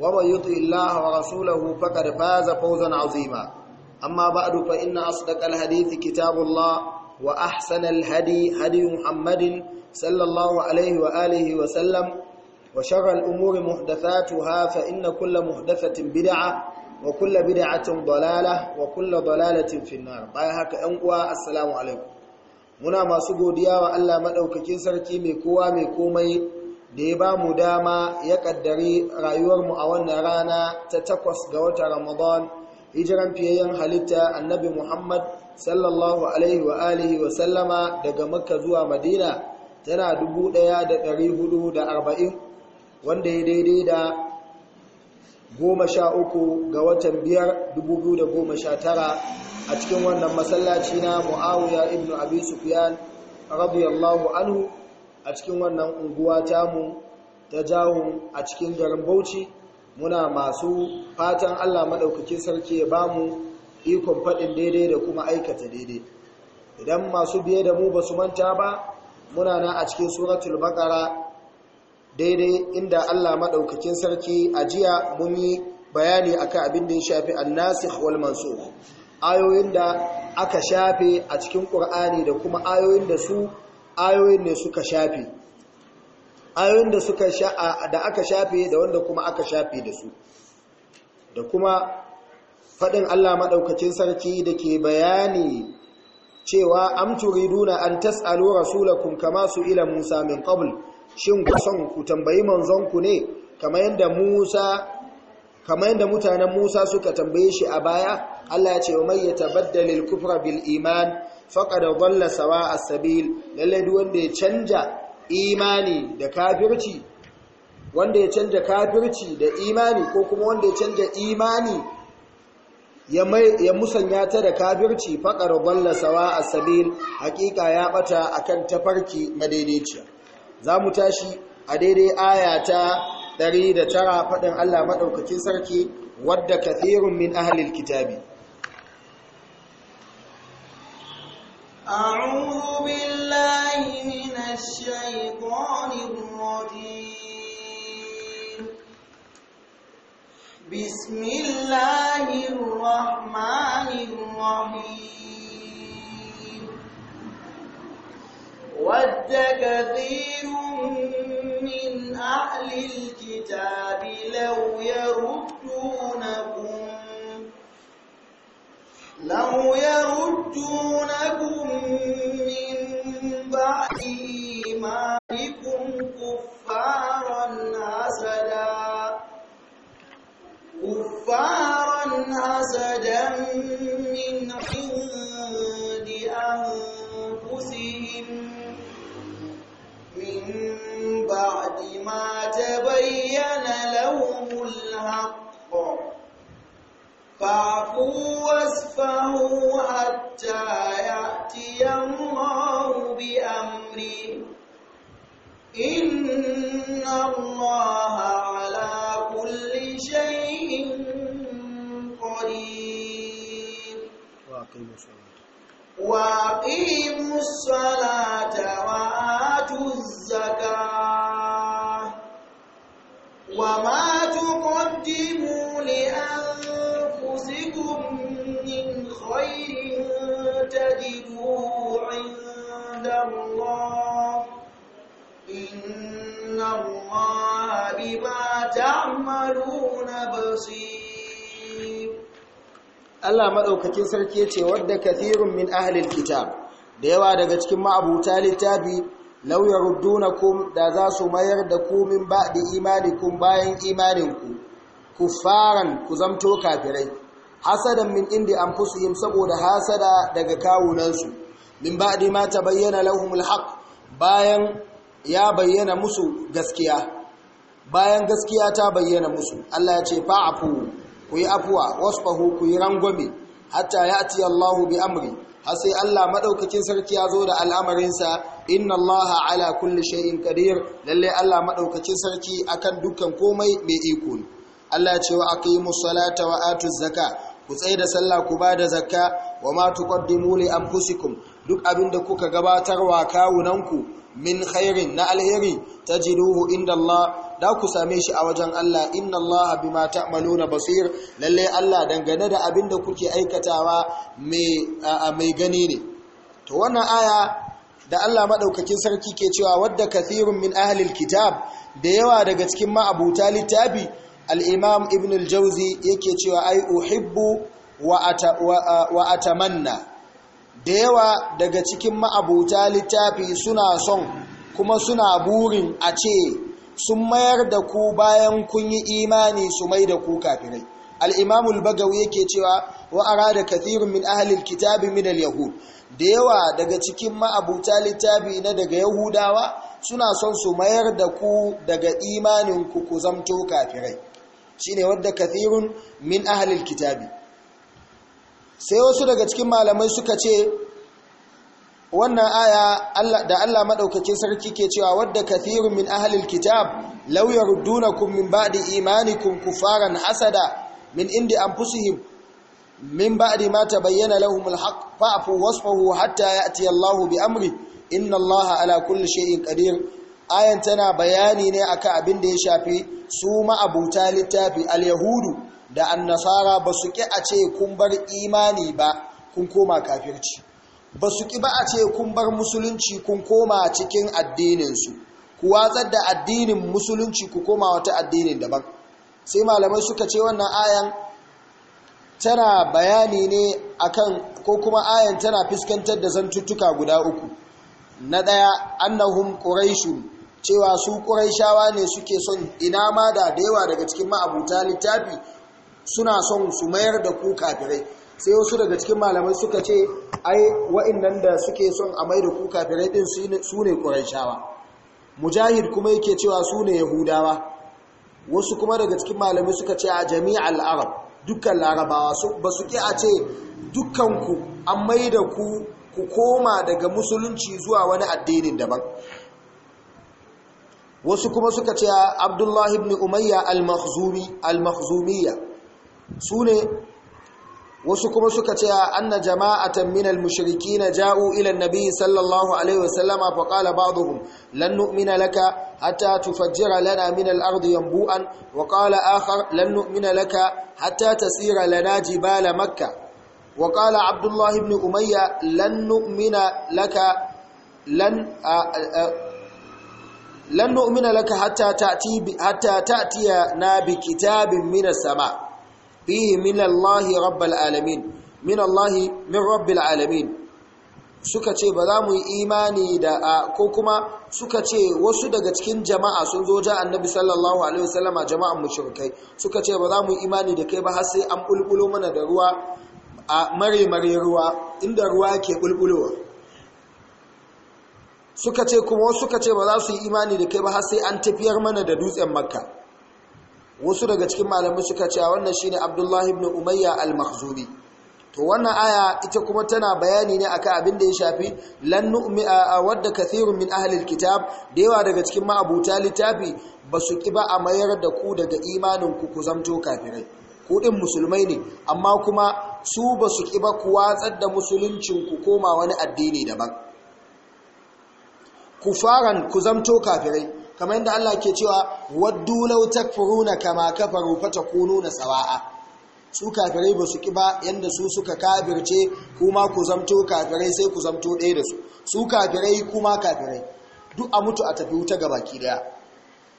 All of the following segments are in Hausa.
ومن يطع الله ورسوله فقد فاز فوزا عظيما أما بعد فإن أصدق الحديث كتاب الله وأحسن الهدي هدي محمد صلى الله عليه وآله وسلم وشر الأمور محدثاتها فإن كل محدثة بدعة وكل بدعة ضلالة وكل ضلالة في النار بايهاك أنقوى السلام عليكم muna masu godiya wa Allah maɗaukakin sarki mai kowa mai komai da ya ba mu dama ya kaddari rayuwarmu a wannan rana ta takwas ga wata Ramadan hijiran fiyayyen halitta annabi Muhammad sallallahu alaihi wa alihi wa sallama daga Makka zuwa Madina tana 1440 wanda ya daidai da goma sha uku ga watan biyar sha tara. a cikin wannan masallaci na mu'awuyar ibn Abi Sufyan radiyallahu anhu a cikin wannan unguwa mu ta jahun a cikin garin bauchi muna masu fatan allah maɗaukakin sarki ya bamu ikon faɗin daidai da kuma aikata daidai idan masu biye da mu ba su manta ba muna na a cikin suratul baƙara daidai inda allah maɗaukakin sarki a jiya mun yi bayani a akan abin da ya shafi nasi wal mansukh ayoyin da aka shafe a cikin ƙur'ani da kuma ayoyin da su ayoyin ne suka shafe ayoyin da suka da aka shafe da wanda kuma aka shafe da su da kuma faɗin Allah maɗaukacin sarki da ke bayani cewa am turiduna an tas'alu rasulakum kama su ila Musa min qabl shin ku son ku tambayi manzon ku ne kamar yadda Musa kamar yanda mutanen Musa suka tambaye shi a baya Allah ya ce wa yatabaddalil kufra bil iman Faƙada dhalla sawa a sabil lallai duk wanda ya canja imani da kafirci wanda ya canja kafirci da imani ko kuma wanda ya canja imani ya musanya ta da kafirci faƙar balla sawa a sabil hakika ya bata kan tafarki madaidaiciya za mu tashi a daidai aya ta 109 faɗin allah maɗaukakin sarki wadda kathirun min ahalil kitabi أعوذ بالله من الشيطان الرجيم بسم الله الرحمن الرحيم ود كثير من أهل الكتاب لو يرد يردونكم من بعد الله على كل شيء قدير واقيموا الصلاه واقيموا الصلاه Allah maɗaukakin sarki ce wadda kathirun min ahlil kitab da yawa daga cikin ma'abuta littafi law yaruddunakum da za su mayar da ku min imani kum bayan imaninku faran ku zamto kafirai hasadan min indi an anfusihim saboda hasada daga kawunansu min da ma ta bayyana lahumul haqq bayan ya bayyana musu gaskiya bayan gaskiya ta bayyana musu Allah ya ce fa'afu ku yi afuwa wasfahu ku yi rangwame hatta ya'ti Allahu bi amri har sai Allah madaukakin sarki ya zo da al'amarinsa inna Allaha ala kulli shay'in qadir lalle Allah madaukakin sarki akan dukkan komai mai iko ne Allah ya ce wa aqimus salata wa atuz zaka ku tsaye da sallah ku da zakka wa ma tuqaddimu li anfusikum duk abin da kuka gabatar gabatarwa kawunanku min khairin na alheri tajiduhu inda Allah da ku same shi a wajen Allah inna Allah bima ta'maluna basir lalle Allah dangane da abin da kuke aikatawa mai gani ne to wannan aya da Allah madaukakin sarki ke cewa wadda kathirun min ahlil kitab da yawa daga cikin ma'abuta littafi al-imam ibn al-jawzi yake cewa ai uhibbu wa atamanna da yawa daga cikin ma'abuta littafi suna son kuma suna burin a ce sun mayar da ku bayan kun yi imani su mai da ku kafirai al'imamul bagawi yake cewa wa'ara da kathirun min ahalil kitabi min al-yahud da yawa daga cikin ma'abuta littafi na daga yahudawa suna son su mayar da ku daga imanin ku ku zamto kafirai ne wadda kathirun min ahalil kitabi sai wasu daga cikin malamai suka ce wannan aya da Allah maɗaukacin sarki ke cewa wadda kathirun min ahlil kitab law yardunakum min ba'di imanikum kufaran hasada min indi anfusihim min ba'di ma tabayyana bayyana haqq fa'fu wasfahu hatta ya'ti Allahu bi amri inna Allaha ala kulli shay'in qadir ayan tana bayani ne akan abin da ya shafi su ma'abuta littafi al-yahudu da annasara basu ki a ce kun bar imani ba kun koma kafirci ba su ƙi ba a ce kun bar musulunci kun koma cikin addininsu ku watsar da addinin musulunci ku koma wata addinin daban sai malamai suka ce wannan ayan tana bayani ne akan ko kuma ayan tana fuskantar da zantuttuka guda uku na ɗaya annahum quraishun cewa su quraishawa ne suke son ina ma da da yawa daga cikin ma'abuta littafi suna son su mayar da ku kafirai sai wasu daga cikin malamai suka ce ai wa'annan da suke son a mai da ku kafirai din su ne ƙurayshawa mujahid kuma yake cewa su ne yahudawa wasu kuma daga cikin malamai suka ce a jami'al arab dukkan larabawa ba su ki a ce dukkanku a mai da ku ku koma daga musulunci zuwa wani addinin daban wasu kuma suka ce a abdullahi ibn umayya al-makhzumi su ne wasu kuma suka ce anna jama'atan min al mushrikina ja'u ila an-nabi sallallahu alaihi wasallama fa qala ba'dhum lan nu'mina laka hatta tufajjira lana min al-ardi yanbu'an wa qala akhar lan nu'mina laka hatta tasira lana jibal makkah wa qala abdullah ibn umayya lan nu'mina laka lan lan nu'mina laka hatta ta'ti hatta ta'tiya na bi kitabin min as-sama' fihi min الله rabbal alamin min الله min رب alamin suka ce ba za mu yi imani da a ko kuma suka ce wasu daga cikin jama'a sun zo ja annabi sallallahu alaihi wasallama jama'an mushrikai suka ce ba za mu yi imani da kai ba har sai an bulbulo mana da ruwa a mare mare ruwa inda ruwa ke bulbulowa suka ce kuma wasu suka ce ba za su yi imani da kai ba har sai an tafiyar mana da dutsen makka wasu daga cikin malamai suka ce wannan shine abdullahi ibn umayya al-makhzumi to wannan aya ita kuma tana bayani ne akan abin da ya shafi lan nu'mi wadda kathirun min ahli kitab da yawa daga cikin ma'abuta littafi basu ki ba a mayar da ku daga imanin ku ku zamto kafirai ku din musulmai ne amma kuma su basu ki ba ku watsar da musuluncin ku koma wani addini daban kufaran ku zamto kafirai kamar yadda Allah ke cewa waddu law takfuruna kama kafaru fatakununa sawa'a su kafirai ba su ki ba yanda su suka kafirce kuma ku zamto kafirai sai ku zamto ɗaya da su su kafirai kuma kafirai duk a mutu a tafi wuta gabaki daya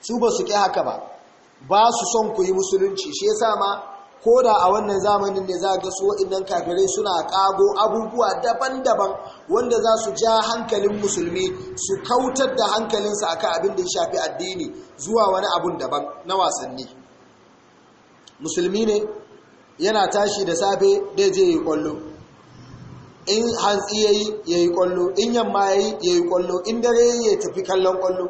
su ba su ki haka ba ba su son ku yi musulunci shi yasa ma ko da a wannan zamanin ne za ga su waɗannan kafirai suna ƙago abubuwa daban-daban wanda za su ja hankalin musulmi su kautar da hankalinsa a kan abin da ya shafi addini zuwa wani abun daban na wasanni musulmi ne yana tashi da safe dai je yi kwallo in hantsi ya yi ya yi kwallo in yamma ya yi ya yi kwallo in dare ya tafi kallon kwallo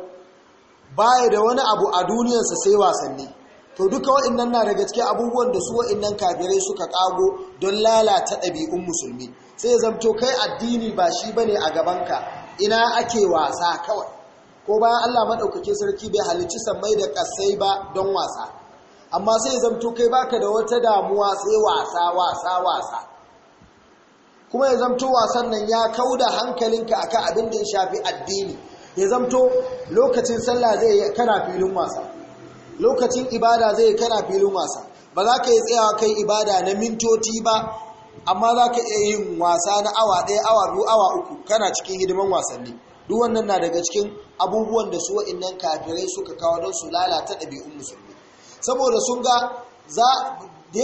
baya da wani abu a duniyarsa sai wasanni to duka wa'annan na daga cikin abubuwan da su wa'annan kafirai suka kago don lalata ɗabi'un musulmi sai zamto kai addini ba shi ba ne a gabanka ina ake wasa kawai ko bayan Allah maɗaukakin sarki bai halicci sammai da ƙasai ba don wasa amma sai zamto kai baka da wata damuwa sai wasa wasa wasa kuma ya zamto wasan nan ya kauda hankalinka akan abin da ya shafi addini ya zamto lokacin sallah zai kana filin wasa lokacin ibada zai yi kana filin wasa ba za ka yi tsayawa kai ibada na mintoti ba amma za ka iya yin wasa na awa ɗaya awa biyu awa uku kana cikin hidiman wasanni duk wannan na daga cikin abubuwan da su waɗannan kafirai suka kawo don su lalata ɗabi'un musulmi saboda sun ga za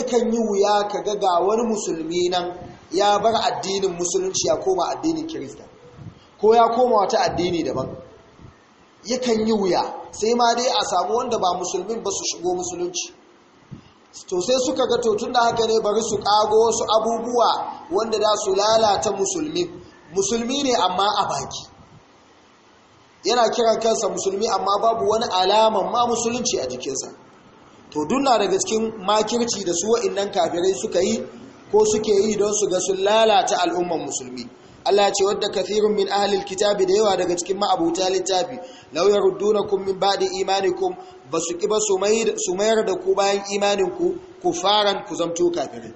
kan yi wuya ka ga ga wani musulmi nan ya bar addinin musulunci ya koma addinin kirista ko ya koma wata addini daban yakan yi wuya sai ma dai a samu wanda ba musulmin ba su shigo musulunci to sai suka ga to tun da haka ne bari su kago wasu abubuwa wanda da su lalata musulmi musulmi ne amma a baki yana kiran kansa musulmi amma babu wani alaman ma musulunci a jikinsa to dunna daga cikin makirci da su wa'innan kafirai suka yi ko suke yi don su ga sun lalata al'umman musulmi Allah ce wadda kafirun min ahlil kitabi da yawa daga cikin ma'abuta littafi law yaruddunakum min ba'di imanikum basu kiba su mayar da ku bayan imaninku kufaran ku zamto kafirin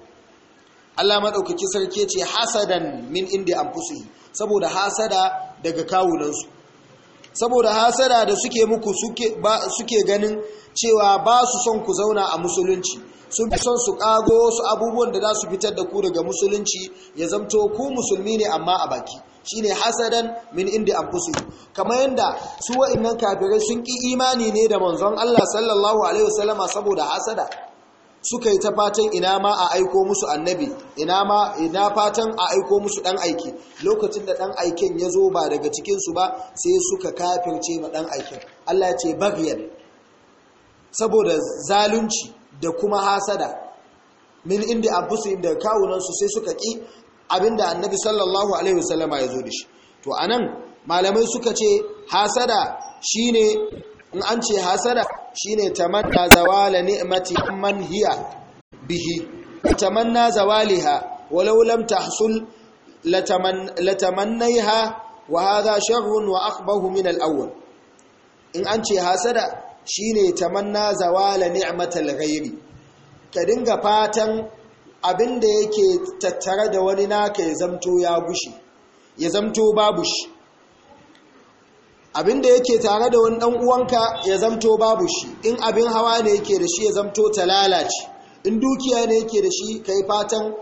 Allah madaukaki sarki ce hasadan min indi anfusihi saboda hasada daga kawunan su. saboda hasada da suke muku suke ganin cewa ba su son ku zauna a musulunci sun fi son su kago su abubuwan da za su fitar da ku daga musulunci ya zamto ku musulmi ne amma a baki shine hasadan min an anfusihim kamar yadda su wa'innan kafirai sun ki imani ne da manzon Allah sallallahu alaihi wasallama saboda hasada suka yi ta fatan ina ma a aiko musu annabi ina ma ina fatan a aiko musu dan aiki lokacin da dan aikin ya zo ba daga cikin su ba sai suka kafirce ma dan aikin Allah ce baghyan saboda zalunci da kuma hasada min inda anfusihim daga kawunansu sai suka ki abinda annabi sallallahu alaihi wasallama ya zo da shi to anan malamai suka ce hasada shine in an ce hasada shine tamanna zawala ni'mati amman hiya bihi tamanna zawaliha walau lam tahsul latamannaiha wa hadha sharrun wa akbahu min al-awwal in an ce hasada Shi shine tamanna zawala ni'matar ghairi ka dinga fatan abin yake tattare da wani naka ya zamto ya gushi ya zamto babu shi abin yake tare da wani dan uwanka ya zamto babu shi in abin hawa ne yake da shi ya zamto ta lalace in dukiya ne yake da shi yi fatan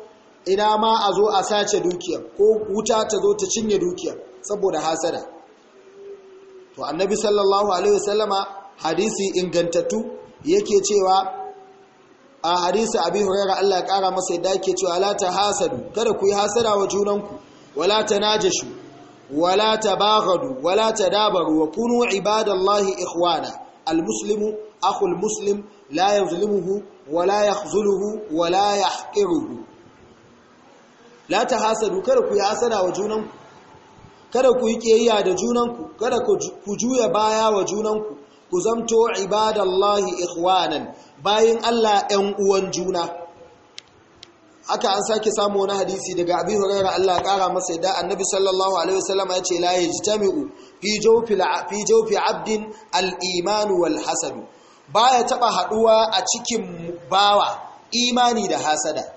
ina ma a zo a sace dukiya ko wuta ta zo ta cinye dukiya saboda hasada to annabi sallallahu alaihi wasallama hadisi ingantattu yake cewa a hadisi abin hurairar Allah ya kara masa yadda yake cewa la ta hasadu kada ku yi hasada wa junanku wala ta najashu wala ta baghadu wala ta dabaru wa kunu ibadallahi ikhwana almuslimu akhul muslim la yuzlimuhu wala yakhzuluhu wala yahqiruhu la ta hasadu kada ku yi hasada wa junanku kada ku yi kiyayya da junanku kada ku juya baya wa junanku ku zamto ibadallahi ikhwanan bayin Allah ɗan uwan juna haka an sake samu wani hadisi daga abi hurairah Allah ƙara kara masa yadda annabi sallallahu alaihi wasallam ya ce la yajtami'u fi jawfi fi 'abdin al'imanu wal hasadu Ba ya taba haɗuwa a cikin bawa imani da hasada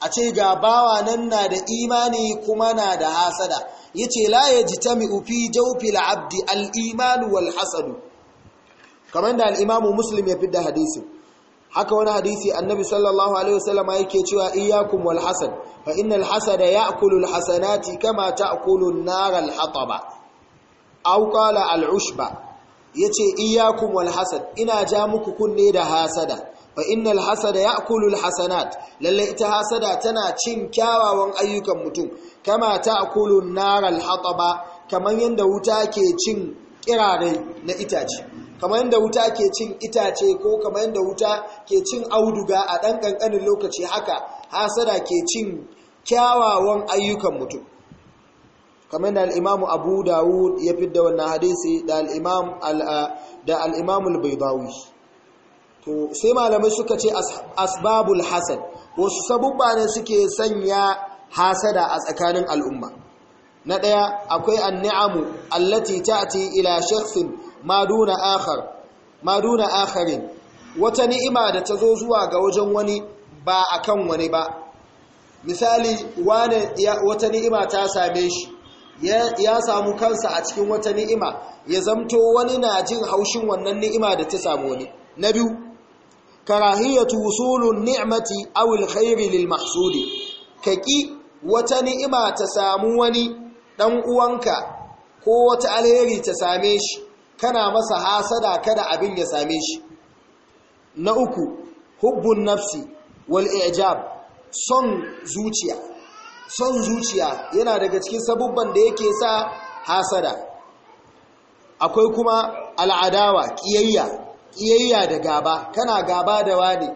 a ce ga bawa nan na da imani kuma na da hasada yace la yajtami'u fi jawfi fi abdi al wal hasadu kamar da al'imamu muslim ya fi da hadisi haka wani hadisi annabi sallallahu alaihi wasallama yake cewa iyakun wal hasan fa innal hasada ya'kulu al hasanati kama ta'kulu an-nar al hataba aw qala al ushba yace iyakum ina ja muku kunne da hasada fa innal hasada ya al hasanat lalle ita hasada tana cin kyawawan ayyukan mutum kama a an-nar al hataba kaman wuta ke cin kirare na itace kamar yadda wuta ke cin itace ko kamar yadda wuta ke cin auduga a ɗan ƙanƙanin lokaci haka hasada ke cin kyawawan ayyukan mutum kamar da al'imamu abu dawud ya fi da wannan hadisi da al'imamu albaibawi to sai malamai suka ce asbabul hasad wasu sabubba ne suke sanya hasada a tsakanin al'umma na ɗaya akwai ni'amu allati ta ila shakhsin maduna akhar maduna akharin wata ni'ima da ta zo zuwa ga wajen wani ba akan wani ba misali wane wata ni'ima ta same shi ya samu kansa a cikin wata ni'ima ya zamto wani na jin haushin wannan ni'ima da ta samu wani na biyu karahiyatu wusulun ni'mati aw alkhairi lilmahsudi ka kaki wata ni'ima ta samu wani dan uwanka ko wata alheri ta same shi kana masa hasada kada abin ya same shi na uku hubbun nafsi wal ijab son zuciya son zuciya yana daga cikin sabubban da yake sa hasada akwai kuma al'adawa kiyayya kiyayya da gaba kana gaba da wani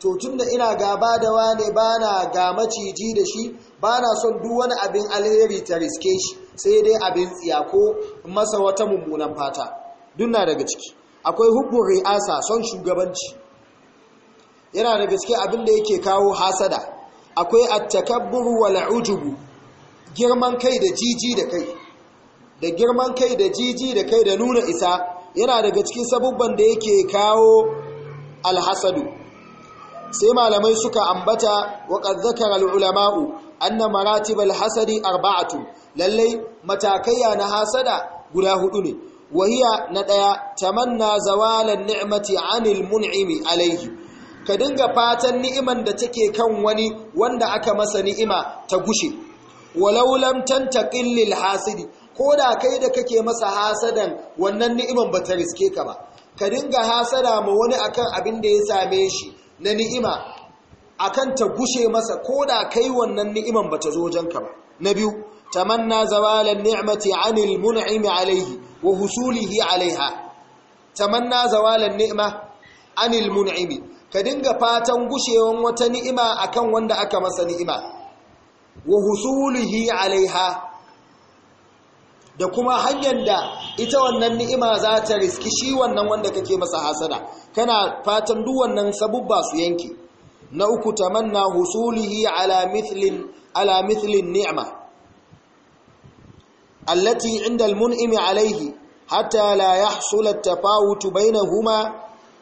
to tunda ina gaba da wane bana ga maciji da shi bana son duk wani abin alheri ta riske shi sai dai abin tsiya ko masa wata mummunan fata dunna daga ciki akwai hukun ri'asa son shugabanci yana daga ciki abin da yake kawo hasada akwai attakabburu wal ujubu girman kai da jiji da kai da girman kai da jiji da kai da nuna isa yana daga cikin sabubban da yake kawo alhasadu sai malamai suka ambata wa qad zakara al-ulama'u anna maratib al-hasadi arba'atu lallai matakaiya na hasada guda hudu ne wahiya na ɗaya tamanna zawalan ni'mati anil alaihi ka dinga fatan ni'iman da take kan wani wanda aka masa ni'ima ta gushe walau lam tantaqil lil ko da kai da kake masa hasadan wannan ni'iman bata riske ka ba ka dinga hasada ma wani akan abin da ya same shi na ni'ima akan ta gushe masa ko da kai wannan ni'iman ta zo janka ba na biyu tamanna zawalan ni'mati anil mun'imi alaihi wa husulihi alaiha tamanna zawalan ni'ma anil mun'imi ka dinga fatan gushewan wata ni'ima akan wanda aka masa ni'ima wa husulihi alaiha da kuma hanyar da ita wannan ni'ima za ta riski shi wannan wanda kake masa hasada kana fatan duk wannan sabubba su yanki na uku tamanna husulihi ala mithlin ala mithlin ni'ma allati inda almun'imi alaihi hatta la yahsul at-tafawut bainahuma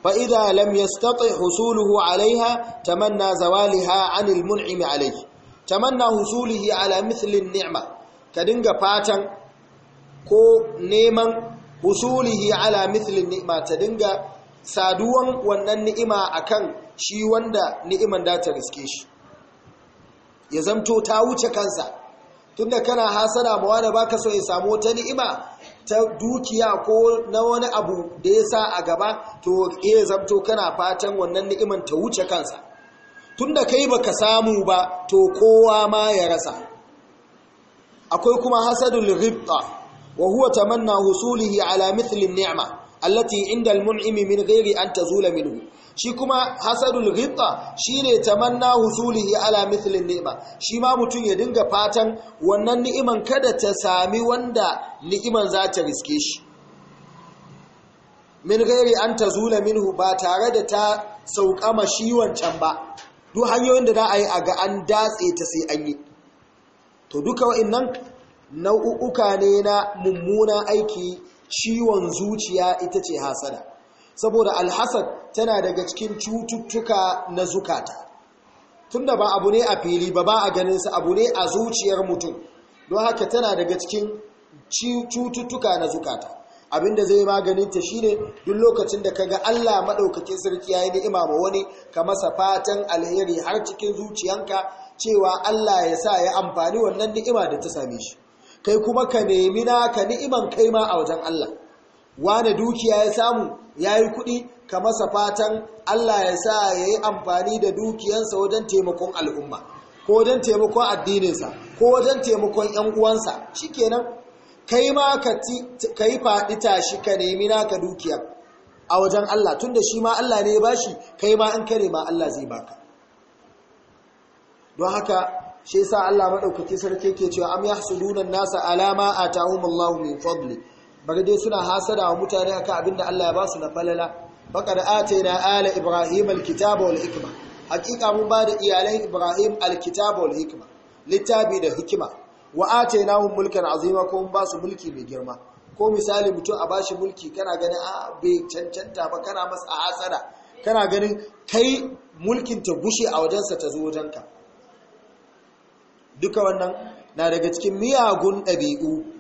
fa idha lam yastati husuluhu alaiha tamanna zawaliha anil mun'imi alaihi tamanna husulihi ala mithli an-ni'ma ka dinga fatan ko neman husulihi ala mithli ni'ma ta dinga saduwan wannan ni'ima akan shi wanda ni'iman da ta riske shi ya zamto ta wuce kansa tunda kana hasada ma wani baka so ya samu wata ni'ima ta dukiya ko na wani abu da ya sa a gaba to ya zamto kana fatan wannan ni'iman ta wuce kansa tunda kai baka samu ba to kowa ma ya rasa akwai kuma hasadul ghibta wa huwa tamanna husulihi ala mithli ni'ma allati inda al-mun'imi min ghairi an tazula minhu shi kuma hasadul ghibta shine tamanna husulihi ala mithlin ni'ma shi ma mutum ya dinga fatan wannan ni'iman kada ta sami wanda ni'iman za ta riske shi min gairi an tazula minhu ba tare da ta sauƙama shi wancan ba duk hanyoyin da za a yi a ga an datse ta sai an yi to duka wa'annan nau'uka ne na mummunan aiki ciwon zuciya ita ce hasada saboda alhasad tana daga cikin cututtuka na zukata tunda ba abu ne a fili ba ba a ganinsa abu ne a zuciyar mutum don haka tana daga cikin cututtuka na zukata abinda zai maganinta shine duk lokacin da kaga Allah madaukakin sarki ya yi ni'ima ma wani ka masa fatan alheri har cikin zuciyanka cewa Allah ya sa ya amfani wannan ni'ima da ta same shi kai kuma ka nemi na ka ni'iman kai ma a wajen Allah wane dukiya ya samu ya yi kuɗi ka masa fatan Allah ya sa ya yi amfani da dukiyansa wajen taimakon al'umma ko wajen taimakon addininsa ko wajen taimakon ‘yan uwansa shi kenan kai ma ka yi faɗi tashi ka nemi naka dukiya a wajen Allah tun da shi ma Allah ne ya bashi kai ma in kare ma Allah zai baka don haka shi sa Allah maɗaukaki sarki ke cewa am yahsuduna nasa alama atahumullahu min fadli bari dai suna hasada wa mutane akan abinda Allah ya ba su na falala faqad atayna ala ibrahim alkitaba wal hikma hakika mun ba da iyalan ibrahim alkitaba wal hikma littafi da hikima wa hum mulkan azima ko mun ba su mulki mai girma ko misali mutum a bashi mulki kana ganin a ah, bai cancanta ba kana masa hasada kana ganin kai mulkin ta gushe a wajensa ta zo wajenka duka wannan na daga cikin miyagun ɗabi'u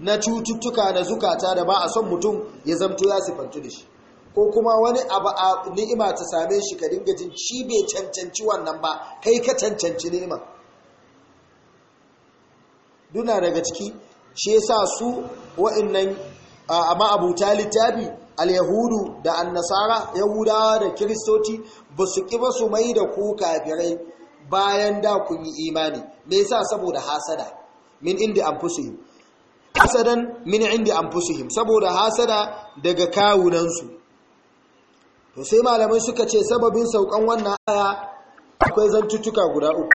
na cututtuka na zukata da ba a son mutum ya zamto ya sifantu da shi ko kuma wani abu a ni'ima ta same shi ka dinga jin ci bai cancanci wannan ba kai ka cancanci ni'ima duna daga ciki shi yasa su wa'annan a ma'abuta littafi alyahudu yahudu da annasara yahudawa da kiristoci ba su ƙi ba su mai da ku kafirai bayan da kun yi imani me yasa saboda hasada min inda yi. hasadan min indi anfusihim saboda hasada daga kawunansu to sai malamai suka ce sababin saukan wannan aya akwai zantuttuka guda uku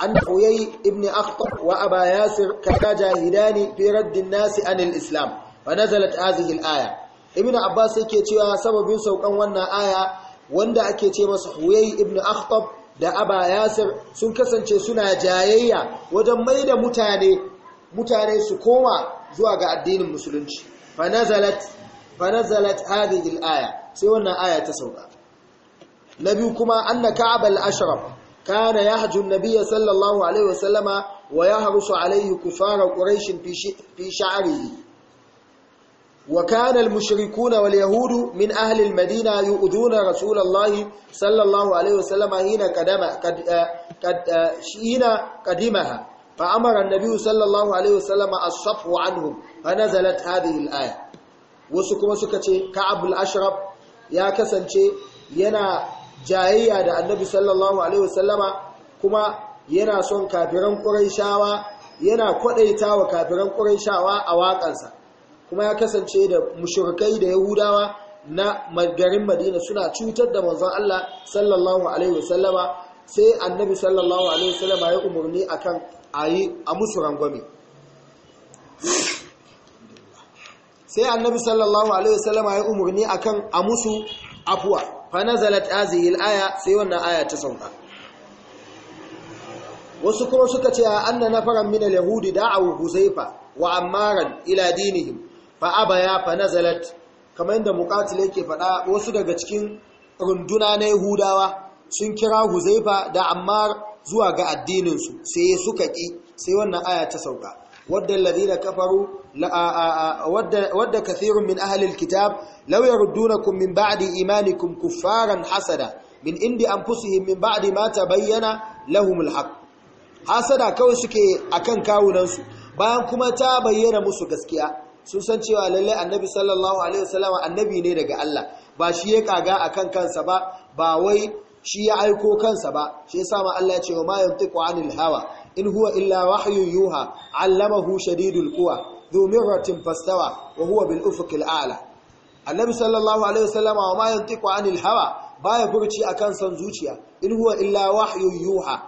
an koyayi ibn akhtab wa aba yasir kaza jahidani fi raddin nasi anil islam wa nazalat hadhihi al-aya ibn abbas yake cewa sababin saukan wannan aya wanda ake ce masa huyai ibn akhtab da aba yasir sun kasance suna jayayya wajen maida mutane mutane su koma zuwa ga addinin musulunci fa nazalat hadhihi al-aya sai wannan aya ta sauka na kuma anna ka'ab al-ashraf kana yahju an-nabiy sallallahu alaihi wasallama wa yahrusu alaihi kufara quraish fi sha'rihi wa kana al-mushrikuun wal yahudu min ahli al-madina yu'duna rasulallahi sallallahu alaihi wasallama hina qadama qad eh, eh, qadimaha فأمر النبي صلى الله عليه وسلم الصفو عنهم فنزلت هذه الآية وسكما سكتي كعب الأشرب يا كسنتي ينا جاية دا النبي صلى الله عليه وسلم كما ينا سون كافران قريشاوا ينا كوديتاوا كافران قريشاوا أواقنسا kuma ya kasance da mushrikai da yahudawa na garin madina suna cutar da manzon Allah sallallahu alaihi wasallama sai annabi sallallahu alaihi wasallama ya umurni akan ayi amusu a rangwame sai annabi sallallahu alaihi wasallam ya umarni akan a musu afuwa fa nazalat hazihi aya sai wannan aya ta sauka wasu kuma suka ce anna nafaran min al-yahudi da'awu huzaifa wa ammaran ila dinihim fa abaya fa nazalat kamar yadda muqatil yake faɗa wasu daga cikin runduna na yahudawa sun kira huzaifa da ammar zuwa ga addininsu sai suka ƙi sai wannan aya ta sauka wadda alladhina kafaru wadda kathirun min ahli alkitab law yaruddunakum min ba'di imanikum kuffaran hasada min indi anfusihim min ba'di ma tabayyana lahum alhaq hasada kawai suke akan kawunansu bayan kuma ta bayyana musu gaskiya sun san cewa lalle annabi sallallahu alaihi wasallam annabi ne daga Allah ba shi ya kaga akan kansa ba ba wai shi ya aiko kansa ba shi yasa ma Allah ya ce ma yantiqu anil hawa in huwa illa wahyu yuha allamahu shadidul quwa dhu mirratin fastawa wa huwa bil ufuqil a'la annabi sallallahu alaihi wasallama wa ma yantiqu anil hawa baya furci akan san zuciya in huwa illa wahyu yuha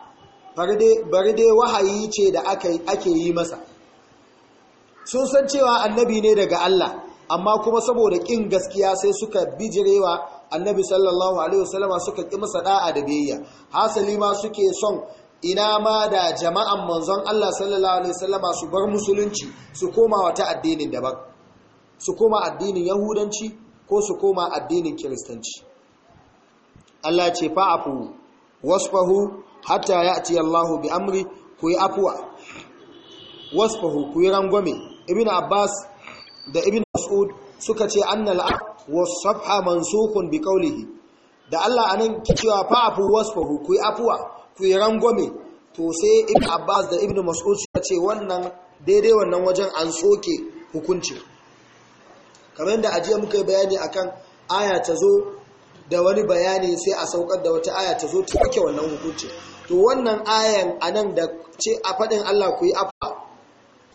bari dai wahayi ce da ake yi masa sun san cewa annabi ne daga Allah amma kuma saboda ƙin gaskiya sai suka bijirewa annabi sallallahu alaihi wasallama suka ƙi masa da'a da biyayya hasali ma suke son ina ma da jama'an manzon Allah sallallahu alaihi wasallama su bar musulunci su koma wata addinin daban su koma addinin yahudanci ko su koma addinin kiristanci Allah ce fa'afu wasfahu hatta ya'ti Allahu bi amri ku yi afuwa wasfahu ku yi rangwame ibnu Abbas da ibnu Mas'ud suka ce annal wasafha mansukun bi qawlihi da Allah anan cewa fa afu wasfahu ku afuwa ku rangome rangwame to sai ibn abbas da ibn mas'ud suka ce wannan daidai wannan wajen an soke hukunci kamar yadda ajiya muka yi bayani akan aya ta zo da wani bayani sai a saukar da wata aya ta zo ta soke wannan hukunci to wannan ayan anan da ce a faɗin Allah ku yi afuwa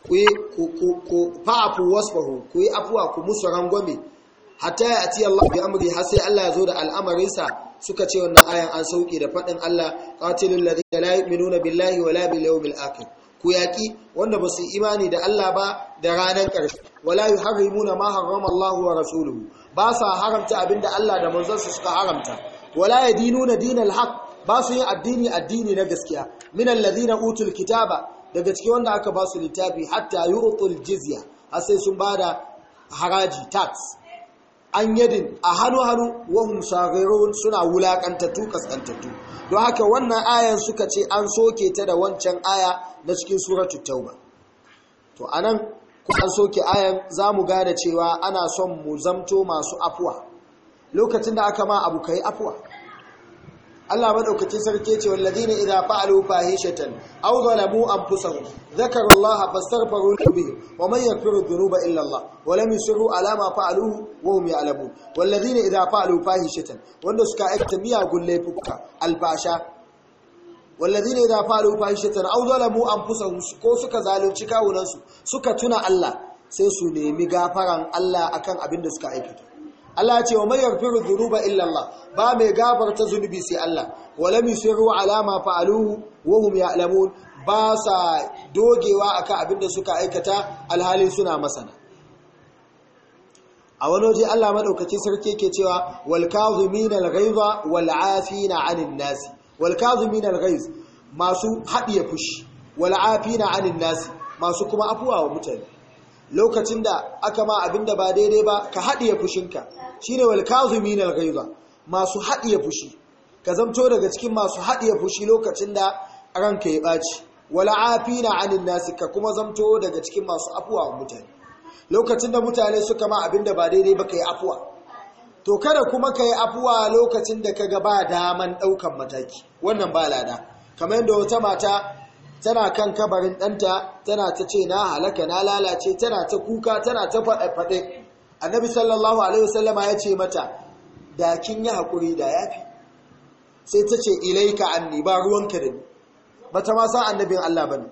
ku yi ku ku fa afu wasfahu ku yi afuwa ku musu rangome hatta ya ati Allah bi amri har sai Allah ya zo da al'amarinsa suka ce wannan ayan an sauke da faɗin Allah qatilul ladina la yu'minuna billahi wala bil yawmil akhir ku yaki wanda ba su imani da Allah ba da ranar ƙarshe wala yuharrimuna ma harrama Allah wa rasuluhu ba sa haramta abinda Allah da manzansa suka haramta wala yadinuna dinal haqq ba su yin addini addini na gaskiya min alladhina utul kitaba daga cikin wanda aka ba su littafi hatta yu'tul jizya har sai sun bada haraji tax an yadin a hannu-hannu wahun shagirun suna wulaƙantattu kaskantattu don haka wannan ayan suka ce an soke ta da wancan aya na cikin suratu tauba to anan ko an soke ayan za mu gada cewa ana son mu zamto masu afuwa lokacin da aka ma abu ka yi afuwa Allah madaukakin sarki ce walladina idza fa'alu fahishatan aw zalamu anfusahum dhakaru Allah fastaghfiru bihim wa man yaghfiru dhunuba illa Allah wa lam yusiru ala ma fa'aluhu wa hum ya'lamun walladina idza fa'alu fahishatan wanda suka aikata miya miyagun laifuka alfasha walladina idza fa'alu fahishatan aw zalamu anfusahum ko suka zalunci su, suka tuna Allah sai su nemi gafaran Allah akan abin da suka aikata Allah ce wa mayar firu zunuba illallah ba mai gafarta zunubi sai Allah walam yusiru alama fa'aluhu wa hum ya'lamun ba sa dogewa akan abin da suka aikata alhalin suna masana a wani waje Allah madaukakin sarki yake cewa wal kazimin al ghaiza wal afina 'anil nas wal al ghaiz masu hadiye fushi wal afina anin nasi masu kuma afuwa wa mutane lokacin da aka ma abin da ba daidai ba ka haɗiye fushinka shi ne walkazumi na gaiza masu haɗiye fushi ka zamto daga cikin masu haɗiye fushi lokacin da ranka ya ɓaci wala na anin nasi ka kuma zamto daga cikin masu afuwa wa mutane lokacin da mutane suka ma abin da ba daidai ba ka yi afuwa to kada kuma ka yi afuwa lokacin da ka ga ba daman ɗaukan mataki wannan ba lada kamar yadda wata mata tana kan kabarin ɗanta tana ta ce na halaka na lalace tana ta kuka tana ta faɗe-faɗe annabi sallallahu alaihi wasallama ya ce mata da kin yi haƙuri da ya fi sai ta ce ilaika anni ba ruwanka da ni bata ma san annabin Allah ne.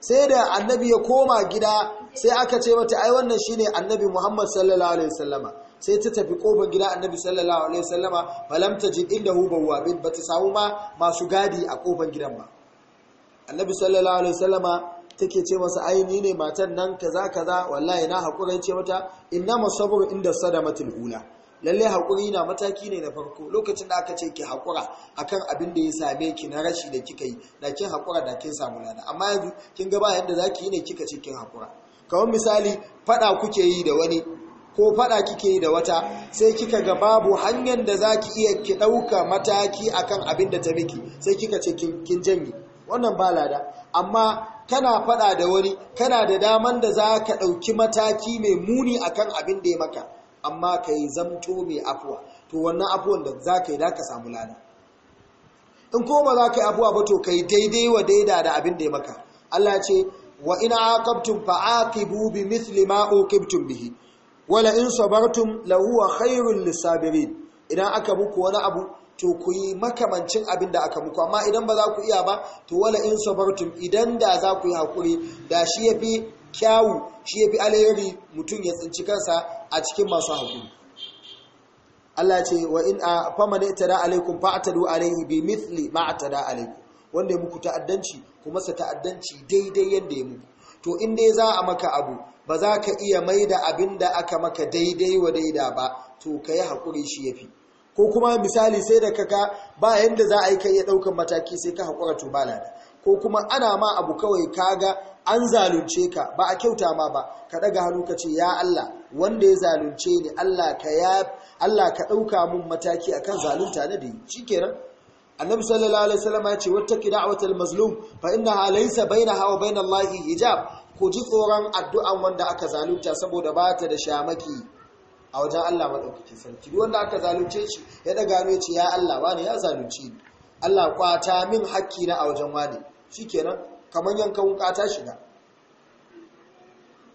sai da annabi ya koma gida sai aka ce mata ai wannan shine annabi Muhammad sallallahu alaihi wasallama sai ta tafi kofar gida annabi sallallahu alaihi wasallama inda tajid indahu ba bata samu ma masu gadi a kofar gidan ba annabi sallallahu alaihi wasallama take ce masa ai ni ne matan nan kaza kaza wallahi na hakura ya ce mata inna masabur inda sadamatul ula lalle hakuri na mataki ne na farko lokacin da aka ce ki hakura akan abin da ya same ki na rashi da kika yi da kin hakura da kin samu lada amma yanzu kin ga ba yadda zaki yi ne kika ce kin hakura kamar misali fada kuke yi da wani ko fada kike yi da wata sai kika ga babu hanyar da zaki iya ki dauka mataki akan abin da ta miki sai kika ce kin janye wannan ba lada amma kana fada da wani kana da daman da za ka ɗauki mataki mai muni akan abin da ya maka amma ka yi zamto mai afuwa to wannan afuwan da za ka yi da ka samu lada in koma ba za ka yi afuwa ba to ka yi daidai wa daida da abin da ya maka Allah ce wa ina aqabtum fa aqibu bi mithli ma uqibtum bihi wala in sabartum la huwa khairul lisabirin idan aka muku wani abu to ku yi makamancin abin da aka muku amma idan ba za ku iya ba to wala in sabartum idan da za ku yi hakuri, da shi ya fi kyawu shi ya fi alayyari mutum ya tsinci kansa a cikin masu haƙuri Allah ce wa in a faman itada alaikum fa'tadu alaihi bi mithli ma atada wanda ya muku ta'addanci kuma sa ta'addanci daidai yadda ya muku to in dai za a maka abu ba za ka iya mai da abin da aka maka daidai wa daida ba to ka yi haƙuri shi ya fi ko kuma misali sai da kaka ba yanda za a yi kai ya ɗaukan mataki sai ka haƙura to ba ko kuma ana ma abu kawai kaga an zalunce ka ba a kyauta ma ba ka ɗaga hannu ka ce ya Allah wanda ya zalunce ni Allah ka ɗauka mun mataki akan zalunta na da yi shikenan annabi sallallahu alaihi wasallam ya ce wattaki da'watal mazlum fa innaha laysa bainaha wa bainallahi hijab ku ji tsoron addu'an wanda aka zalunta saboda ba ta da shamaki a wajen Allah maɗaukaki sarki duk wanda aka zalunce shi ya daga ne ya ce ya Allah wani ya zalunce ni Allah kwata min hakki na a wajen wani kenan kamar yankan wuka ta shiga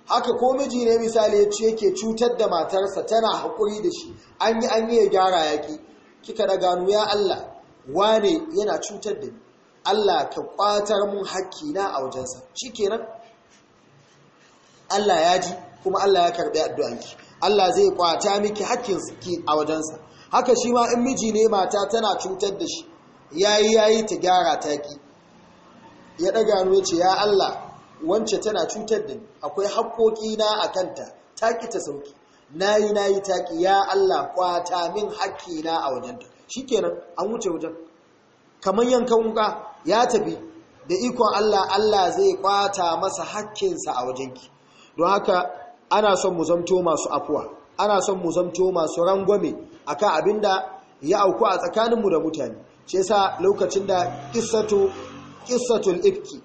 haka ko miji ne misali ya ce yake cutar da matarsa tana haƙuri da shi an yi an yi ya gyara yaƙi kika daga nu ya Allah wane yana cutar da ni Allah ka kwatar mun hakki na a wajensa kenan Allah ya ji kuma Allah ya karɓi addu'anki Allah zai kwata miki hakkin ki a wajensa haka shi ma in miji ne mata tana cutar da shi yayi yayi ta gyara taki ya daga hannu ce ya Allah wance tana cutar da ni akwai haƙoƙi na a kanta taki ta sauki nayi nayi taki ya Allah kwata min hakki na a wajenta shikenan an wuce wajen kamar yankan wuka ya tafi da ikon Allah Allah zai kwata masa hakkinsa a wajenki don haka ana son mu zamto masu afuwa ana son mu zamto masu rangwame akan abinda ya auku a tsakaninmu da mutane shi yasa lokacin da qissatu ifki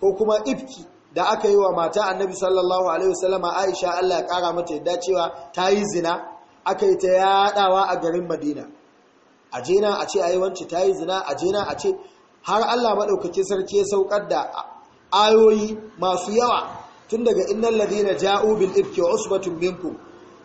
ko kuma ifki da aka yi wa mata annabi sallallahu alaihi wasallama Aisha Allah ya kara mata yadda cewa ta yi zina aka yi ta yadawa a garin Madina a jena a ce ayi wanci ta yi zina a jena a ce har Allah madaukakin sarki ya saukar da ayoyi masu yawa tun daga inna ladina ja'u bil ifki usbatun minkum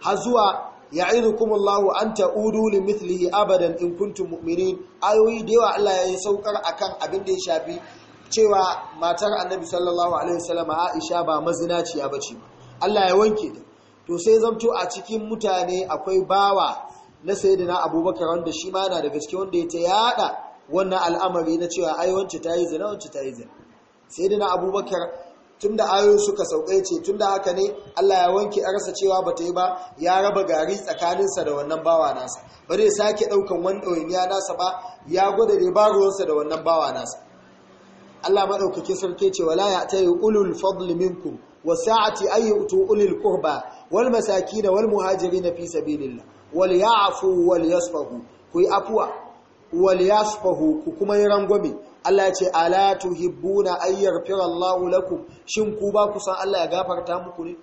har zuwa ya'idukumullahu an ta'udu li mithlihi abadan in kuntum mu'minin ayoyi da yawa Allah ya yi saukar a kan abin da ya shafi cewa matar Annabi sallallahu alaihi wasallam Aisha ba mazinaciya bace Allah ya wanke ta to sai zamto a cikin mutane akwai bawa na sayyidina Abubakar wanda shi ma yana daga cikin wanda ya ta yada wannan al'amari na cewa ai wance ta yi zina wance ta yi zina sayyidina Abubakar tun da ayoyin suka sauka ce tun da haka ne Allah ya wanke rasa cewa bata yi ba ya raba gari tsakaninsa da wannan bawa nasa ba zai sake daukan wani ɗawainiya nasa ba ya gwada da ba ruwansa da wannan bawa nasa Allah maɗaukaki sarki ce wala ya ta yi ulul fadli minkum wa sa'ati ay utu ulul kurba wal da wal na fi sabilillah wal ya'fu wal yasfahu ku yi afuwa wal yasfahu ku kuma yi rangwame Allah ya ce ala tuhibbuna Ayyar, firallahu lakum shin ku ba ku san Allah ya gafarta muku ne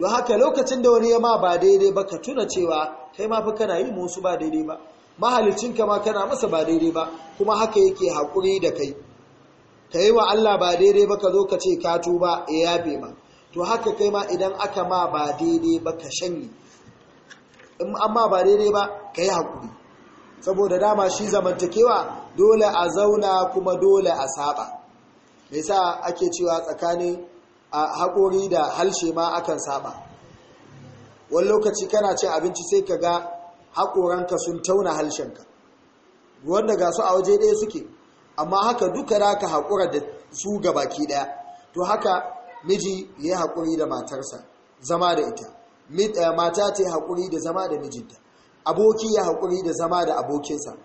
don haka lokacin da wani ya ma ba daidai ba ka tuna cewa kai ma fa kana yi musu ba daidai ba Mahalicin ka ma kana masa ba daidai ba kuma haka yake haƙuri da kai ka yi wa Allah ba daidai ba ka zo ka ce ka tuba ya yafe ma to haka kai ma idan aka ma ba daidai ba ka shanye in amma ba daidai ba ka yi haƙuri saboda dama shi zamantakewa dole a zauna kuma dole a saba me sa ake cewa tsakanin a haƙori da halshe ma akan saba wani lokaci kana cin abinci sai ka ga haƙoranka sun tauna halshenka wanda ga su a waje ɗaya suke amma haka duka da ka haƙura da su ga baki ɗaya to haka miji ya haƙuri da matarsa zama da ita eh, mata ta yi haƙuri da zama da mijinta aboki ya haƙuri da zama da abokinsa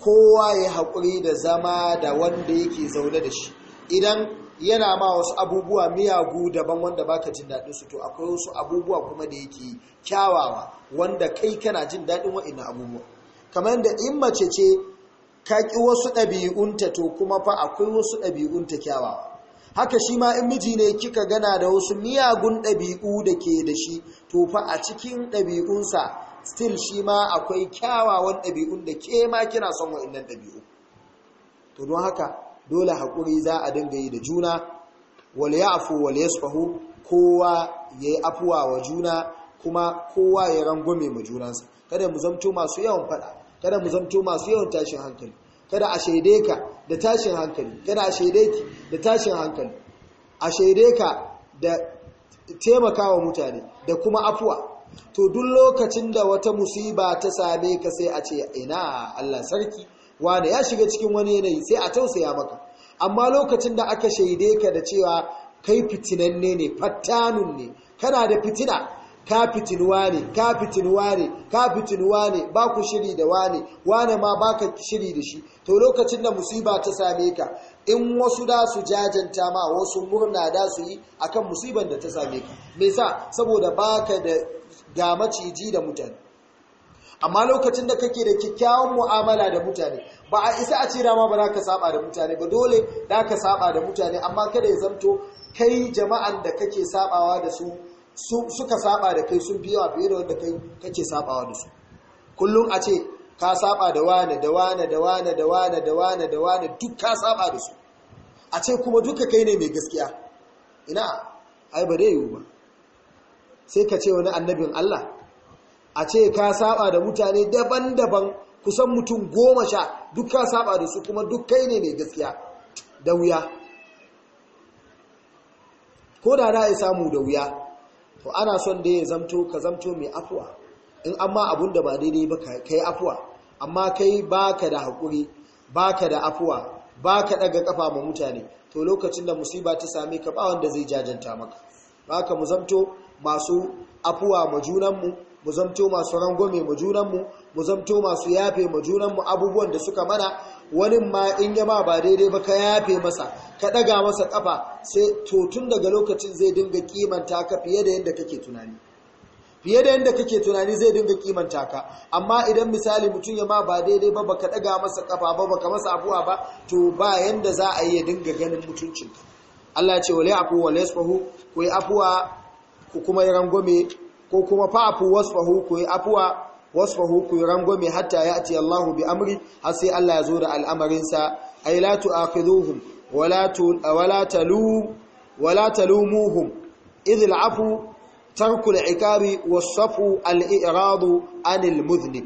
kowa ya haƙuri da zama da wanda yake zaune da shi idan yana ma wasu abubuwa miyagu daban wanda baka jin daɗin su to akwai wasu abubuwa kuma da yake kyawawa wanda kai kana jin daɗin ina abubuwa kamar da in mace ce ka ƙi wasu ɗabi'unta to kuma fa akwai wasu ɗabi'unta kyawawa haka shi ma in miji ne kika gana da wasu miyagun ɗabi'u da ke da shi to fa a cikin ɗabi'unsa still shi ma akwai kyawawan ɗabi'un da ke ma kina son wa'annan ɗabi'u to don haka dole haƙuri za a dinga yi da juna wal ya'fu wal sufahu kowa ya yi afuwa wa juna kuma kowa ya rangwame ma junansa kada mu zamto masu yawan fada kada mu zamto masu yawan tashin hankali kada a shaide ka da tashin hankali kada a shaide ki da tashin hankali a shaide ka da wa mutane da kuma afuwa to duk lokacin da wata musiba ta same ka sai a ce ina Allah sarki wanda ya shiga cikin wani yanayi sai a tausaya maka amma lokacin da aka shaide ka da cewa kai fitinanne ne fattanun ne kana da fitina ka fitinuwa ne ka fitinuwa ne ka fitinuwa ne ba ku shiri da wane wane ma baka shiri da shi to lokacin da musiba ta same ka in wasu da su jajanta ma wasu murna da su yi akan musiban da ta same ka me sa saboda baka da ga maciji da mutane amma lokacin da kake da kyakkyawan mu'amala da mutane ba a isa a ce dama ba za ka saba da mutane ba dole za ka saba da mutane amma kada ya zamto kai jama'an da kake sabawa da su suka saba da kai sun biya fiye da wanda kai kake sabawa da su kullum a ce ka saba da wane da wane da wane da wane da wane da wane duk ka saba da su a ce kuma duka kai ne mai gaskiya ina ai ba dai yiwu ba sai ka ce wani annabin Allah a ce ka saba da mutane daban-daban kusan mutum goma sha duk ka saba da su kuma duk kai ne mai gaskiya da wuya ko da na samu da wuya to ana son da ya zamto ka zamto mai afuwa in amma abun da ba daidai ba ka yi afuwa amma kai baka da haƙuri baka da afuwa baka daga kafa ma mutane to lokacin da musiba ta same ka ba wanda zai jajanta maka baka mu zamto masu afuwa ma junanmu mu zamto masu rangome ma junanmu mu zamto masu yafe ma junanmu abubuwan da suka mana wani ma in yama ba daidai ba ka yafe masa ka daga masa ƙafa sai to tun daga lokacin zai dinga kimanta ka fiye da yadda kake tunani fiye da yadda kake tunani zai dinga kimanta ka amma idan misali mutum ya ma ba daidai ba baka daga masa kafa ba baka masa abuwa ba to ba yanda za a yi ya dinga ganin mutuncinka Allah ce wale afu wale yasfahu ku yi afuwa ku kuma yi rangwame ko kuma fa'afu wasfahu ku yi afuwa wasfahu ku yi rangwame hatta ya ce Allahu bi amri har sai Allah ya zo da al'amarinsa ai la tu'akhiduhum wala tu wala talu wala talumuhum idh al'afu wasafu al'iradu anil Ya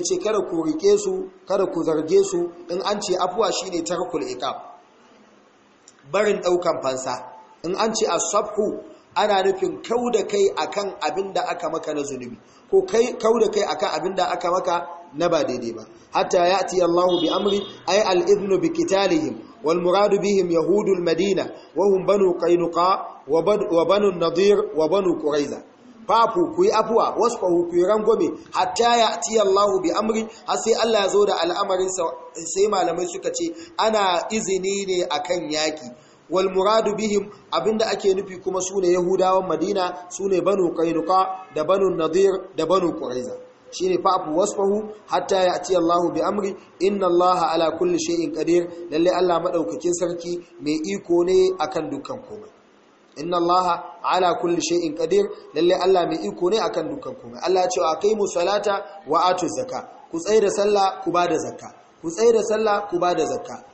yace kada ku rike su kada ku zarge su in an ce afuwa shine tarkul iqab barin ɗaukan fansa in an ce asafhu ana nufin kau da kai akan abin da aka maka na zunubi ko kai kau da kai akan abin da aka maka na ba daidai ba hatta ya ati Allah bi amri ay al idnu bi qitalihim wal murad bihim yahud al madina wa hum banu qainuqa wa banu nadir wa banu quraiza fafu ku yi afuwa wasu ku yi rangwame hatta ya ati Allah bi amri har sai Allah ya zo da al'amarin sai malamai suka ce ana izini ne akan yaki Walmuradu muradu bihim abinda ake nufi kuma sune yahudawan madina sune banu Kainuka da banu nadir da banu quraiza shine fa abu wasfahu hatta ya'ti Allah bi amri inna Allah ala kulli shay'in qadir lalle Allah madaukakin sarki mai iko ne akan dukkan komai inna allaha ala kulli shay'in qadir lalle allah mai iko ne akan dukan komai allah ya ce aqimu salata wa ku tsaye da sallah ku bada zakka ku tsaye da sallah ku zakka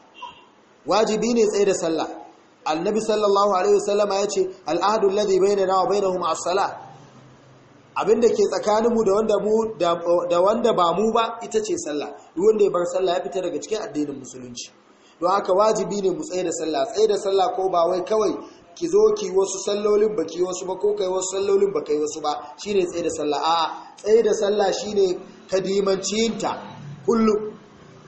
wajibi ne tsaye da sallah annabi sallallahu alaihi wasallam ya ce al'adu alladhi bainana wa bainahum as-salah abinda ke tsakaninmu da wanda mu da wanda ba mu ba ita ce sallah duk wanda ya bar sallah ya fita daga cikin addinin musulunci don haka wajibi ne mu tsaye da salla? tsaye da sallah ko ba wai kawai ki zo ki wasu sallolin ba ki wasu ba ko kai wasu sallolin ba kai wasu ba shine tsaye da sallah a tsaye da sallah shine kadimancinta kullum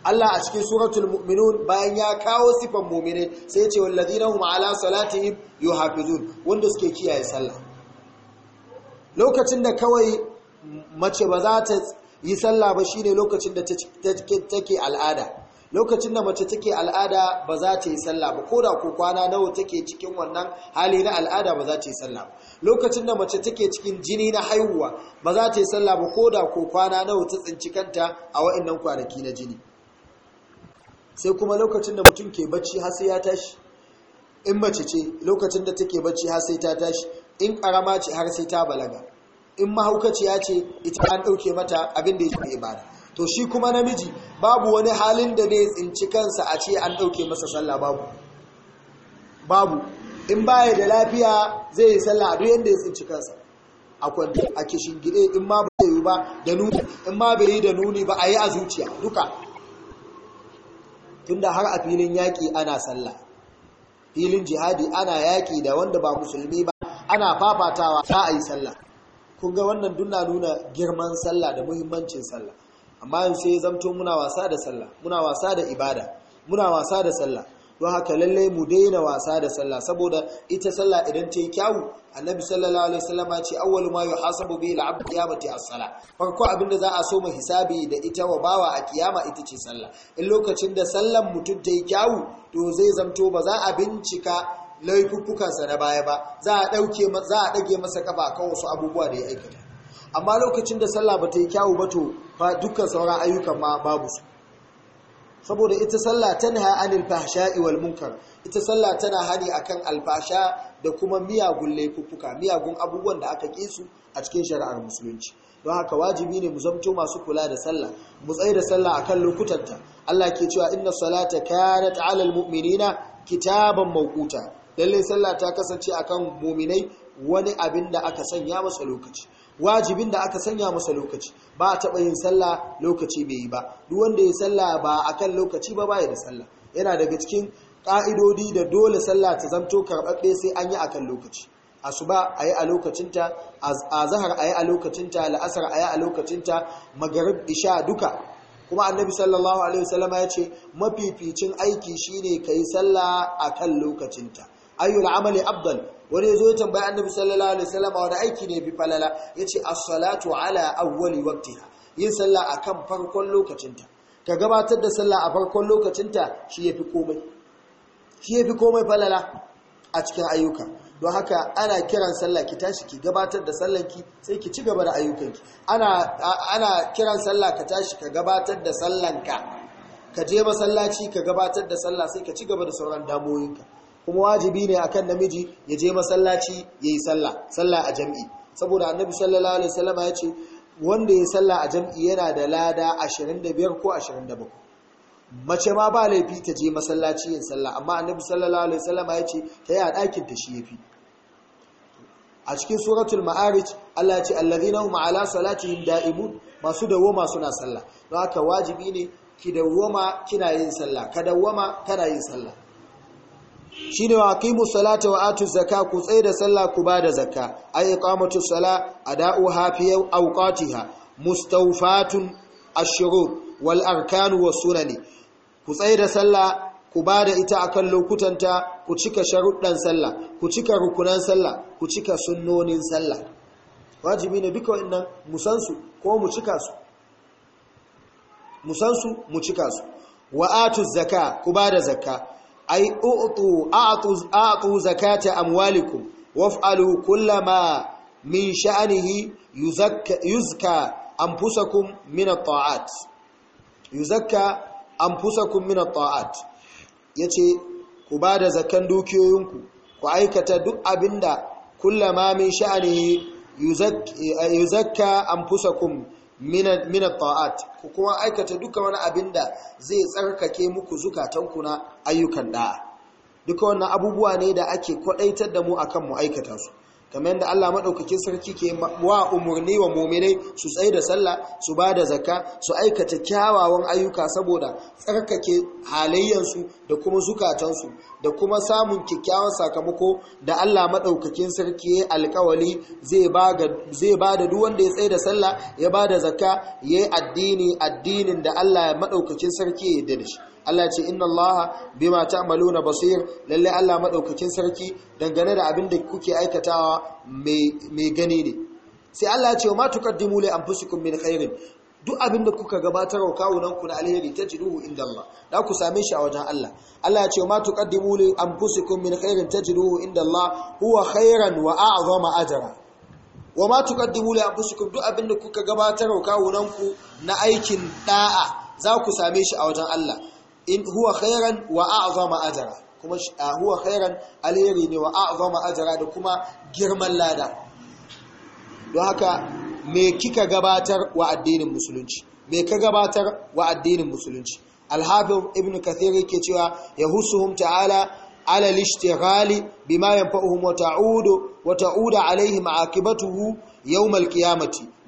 Allah a cikin suratul mu'minun bayan ya kawo sifan mu'mine sai ya ce wallazina hum ala salatihim yuhafizun wanda suke kiyaye sallah lokacin da kawai mace ba za ta yi sallah ba shine lokacin da take al'ada lokacin da mace take al'ada ba za ta yi sallah ba koda ko kwana nawa take cikin wannan hali na al'ada ba za ta yi sallah lokacin da mace take cikin jini na haihuwa ba za ta yi sallah ba koda ko kwana nawa ta tsinci kanta a wa'annan kwanaki na jini sai kuma lokacin da mutum ke bacci har sai ya tashi in mace ce lokacin da take bacci har sai ta tashi in karama ce har sai ta balaga in mahaukaciya ce ita an ɗauke mata abin da yake ibada to shi kuma namiji babu wani halin da ne tsinci kansa a ce an ɗauke masa sallah babu babu in baya da lafiya zai yi sallah a duk yadda ya tsinci kansa a kwanta a kishin gide in ma bai yi ba da nuni in ma bai yi da nuni ba a yi a zuciya duka tunda har a filin yaƙi ana sallah filin jihadi ana yaƙi da wanda ba musulmi ba ana fafatawa za a yi sallah kun ga wannan duna nuna girman sallah da muhimmancin sallah amma yin sai zamto muna wasa da sallah muna wasa da ibada muna wasa da sallah don haka lallai mu daina wasa da sallah saboda ita sallah idan ta yi kyawu annabi sallallahu alaihi wasallam ya ce awwalu ma yuhasabu bihi al-'abd qiyamati as-salah abin da za a so mu hisabi da ita wa bawa a kiyama ita ce sallah in lokacin da sallan mutum ta yi kyawu to zai zamto ba za a bincika sa na baya ba za a ɗage masa kafa kan wasu abubuwa da ya aikata amma lokacin da sallah ba ta yi kyawu ba to dukkan sauran ayyukan ma babu su saboda ita sallah tana anil fahsha'i wal munkar ita sallah tana hani akan alfasha da kuma miyagun laifuffuka miyagun abubuwan da aka kisu a cikin shari'ar musulunci don haka wajibi ne mu zamto masu kula da sallah mu tsaye da sallah akan lokutanta Allah ke cewa inna salata kanat alal mu'minina kitaban mawquta lalle sallah ta kasance akan mu'minai wani abin da aka sanya masa lokaci wajibin da aka sanya masa lokaci ba a taɓa yin sallah lokaci bai yi ba duk wanda ya sallah ba a kan lokaci ba baya da sallah yana daga cikin ƙa'idodi da dole sallah ta zamto karɓaɓɓe sai an yi a kan lokaci asuba a yi a lokacinta a zahar a yi a lokacinta la'asar a yi a lokacinta magarib isha duka kuma annabi sallallahu alaihi wasallam ya ce mafificin aiki shine ka sallah a kan lokacinta ayyul amali abdal wani ya zo ya tambaya annabi sallallahu alaihi wasallam wani aiki ne fi falala ya ce as-salatu ala awwali waqtiha yin sallah akan farkon lokacinta ka gabatar da sallah a farkon lokacinta shi yafi komai shi yafi komai falala a cikin ayyuka don haka ana kiran sallah ki tashi ki gabatar da sallanki sai ki ci gaba da ayyukanki ana ana kiran sallah ka tashi ka gabatar da sallanka ka je masallaci ka gabatar da sallah sai ka ci gaba da sauran damoyinka kuma wajibi ne akan namiji ya je masallaci yayi sallah sallah a jam'i saboda annabi sallallahu alaihi wasallama ya ce wanda ya sallah a jam'i yana da lada 25 ko 27 mace ma ba laifi ta je masallaci yin sallah amma annabi sallallahu alaihi wasallama ya ce ta yi a ɗakin ta shi yafi a cikin suratul ma'arij Allah yace ce hum ala salatihim da'imun masu dawoma suna sallah don haka wajibi ne ki dawoma kina yin sallah ka dawoma kana yin sallah ne wa aqimu salata wa atu zakka ku tsaye da sallah ku bada zakka ay iqamatu a ada'u hafiya awqatiha mustawfatun ash wal arkan was sunani ku tsaye da sallah ku bada ita akan lokutanta ku cika sharuddan sallah ku cika rukunan sallah ku cika sunnonin sallah wajibi ne biko wannan musansu ko mu cika su musansu mu cika su wa atu zakka ku bada zakka ay u'tu a'tu a'tu zakata amwalikum waf'alu kullama min sha'nihi yuzakka yuzka anfusakum min at-ta'at yuzakka anfusakum min at-ta'at yace ku bada zakan dukiyoyinku ku aikata duk abinda kullama min sha'nihi yuzakka eh, yuzakka anfusakum minat ta'at ku kuma aikata duka wani abin da zai tsarkake muku zukatanku na ayyukan da'a duka wannan abubuwa ne da ake kwadaitar da mu akan mu aikata su kamar yadda Allah madaukakin sarki ke wa umurni wa mu'minai su tsaye da sallah su ba da zakka su aikata kyawawan ayyuka saboda tsarkake halayyansu da kuma zukatansu da kuma samun kyakkyawan sakamako da Allah maɗaukakin sarki ya alkawali zai ba da duk wanda ya tsaye da sallah ya ba da zakka ya yi addini addinin da Allah maɗaukakin sarki ya yarda da shi Allah ce inna Allah bima ta'maluna basir lalle Allah maɗaukakin sarki dangane da abin da kuke aikatawa mai gani ne sai Allah ya ce ma tuqaddimu li anfusikum min khairin duk abin da kuka gabatar wa kawunanku na alheri tajiduhu inda Allah da ku same shi a wajen Allah Allah ya ce ma tuqaddimu li anfusikum min khairin tajiduhu inda Allah huwa khairan wa a'zama ajra wa ma tuqaddimu li anfusikum duk abin da kuka gabatar wa kawunanku na aikin da'a za ku same shi a wajen Allah in huwa khairan wa a'zama ajra kuma huwa khairan alheri ne wa a'zama ajra da kuma girman lada don haka me kika gabatar wa addinin musulunci me ka gabatar wa addinin musulunci alhafiz ibn kathir yake cewa ya ta'ala ala al bima yanfa'uhum wa ta'udu wa ta'udu alaihim aqibatuhu yawm al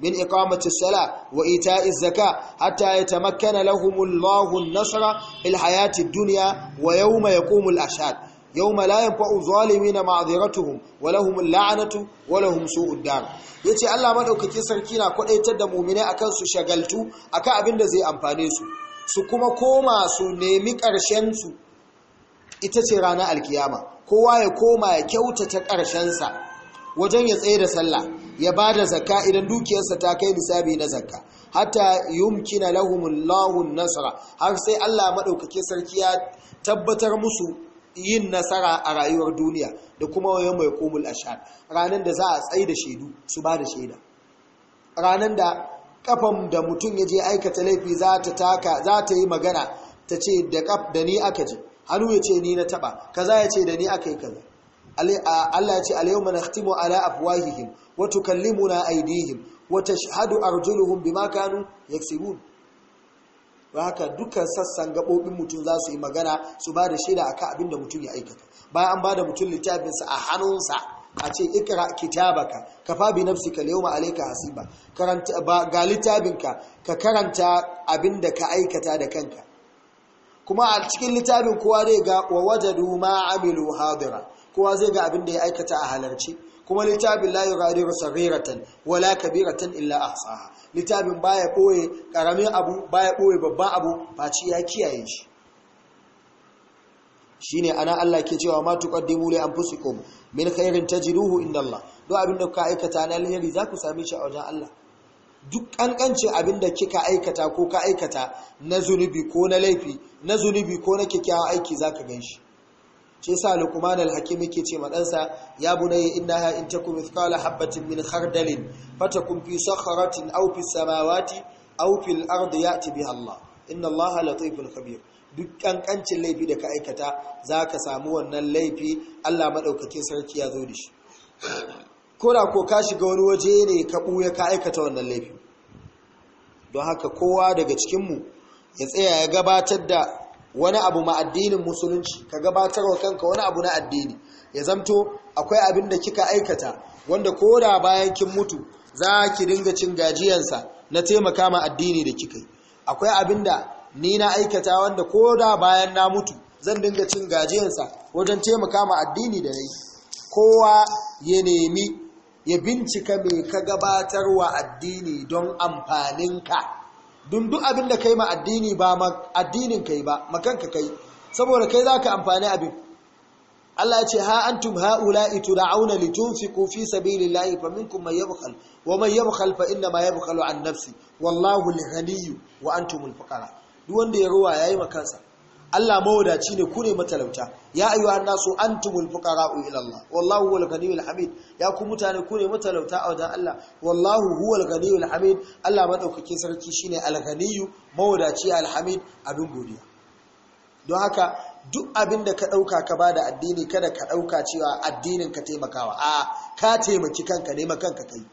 min iqamati as-salah wa ita'i az-zakah hatta yatamakkana lahumullahu an-nasra fil hayati ad-dunya wa yawma yaqumu al-ashhad yawma la yanfa'u na ma'dhiratuhum wa lahum la'anatu, wa lahum su'ud dar yace Allah madaukake sarki na kwadaitar da mu'mine akan su shagaltu akan abin da zai amfane su su kuma koma su nemi karshen su ita ce ranar alkiyama kowa ya koma ya kyautata karshen sa wajen ya tsaye da sallah ya ba da zakka idan dukiyarsa ta kai misabi na zakka hatta yumkina lahumullahu nasra har sai Allah madaukake sarki ya tabbatar musu yin nasara a rayuwar duniya da kuma yau mai komul ashad ranar da za a tsaye da shaidu su ba da shaida ranar da kafan da mutum ya je aikata laifi za ta taka za ta yi magana ta ce da kaf da ni aka ji hannu ya ce ni na taba kaza ya ce da ni aka yi kaza Allah ya ce al-yawma nakhtimu ala afwahihim wa tukallimuna aydihim wa tashhadu arjuluhum bima kanu yaksibun don haka dukkan sassan gaɓoɓin mutum za su yi magana su ba da shaida akan abin da mutum ya aikata bayan an ba da mutum littafinsa a hannunsa a ce ikra kitabaka ka fa bi ka al-yawma hasiba ba ga littafinka ka karanta abin da ka aikata da kanka kuma a cikin littafin kowa zai ga wa wajadu ma amilu hadira kowa zai ga abin da ya aikata a halarci kuma littafin la yughadiru saghiratan wala kabiratan illa ahsaha littafin baya koye karamin abu baya koye babban abu faci ya kiyaye shi shine ana Allah ke cewa ma tuqaddimu li anfusikum min khairin tajiduhu inda Allah abin abinda kuka aikata na alheri za ku sami shi a wajen Allah duk kankance da kika aikata ko ka aikata na zunubi ko na laifi na zunubi ko na kikkiawan aiki zaka ganshi shi yasa luqman ke hakim yake ce ma ɗansa ya bunayya innaha in takum mithqala habatin min khardalin fatakum fi sakharatin aw fi samawati aw fil ardi ya'ti biha Allah inna Allah latiful khabir duk ƙanƙancin laifi da ka aikata zaka samu wannan laifi Allah maɗaukakin sarki ya zo da shi ko ka shiga wani waje ne ka buya ka aikata wannan laifi don haka kowa daga cikin mu ya tsaya ya gabatar da wani abu ma addinin musulunci ka gabatar wa kanka wani abu na addini ya zamto akwai abin da kika aikata wanda ko da bayan kin mutu za ki dinga cin gajiyansa na taimaka ma addini da kika yi akwai abin da ni na aikata wanda ko da bayan na mutu zan dinga cin gajiyansa wajen taimaka ma addini da yi kowa ya nemi ya bincika mai ka gabatar wa addini don amfaninka Dundun abin da kai ma addini ba addinin kai ba makanka kai saboda kai zaka amfani abin Allah ya ce ha antum haula'i tud'auna litunfiqu fi sabilillahi faminkum may yabkhal wa may yabkhal fa inna ma yabkhalu an nafsi wallahu al-ghani wa antumul fuqara duk wanda ya ruwa yayi makansa Allah mawadaci ne ku ne matalauta ya ayyuha annasu antumul fuqara'u ila Allah wallahu wal ghaniyyul hamid ya ku mutane ku ne matalauta a wajen Allah wallahu huwal ghaniyyul hamid Allah madaukake sarki shine al ghaniyyu mawadaci al hamid abin godiya don haka duk abin da ka dauka ka bada addini kada ka dauka cewa addinin ka taimakawa a ka taimaki kanka ne kanka kai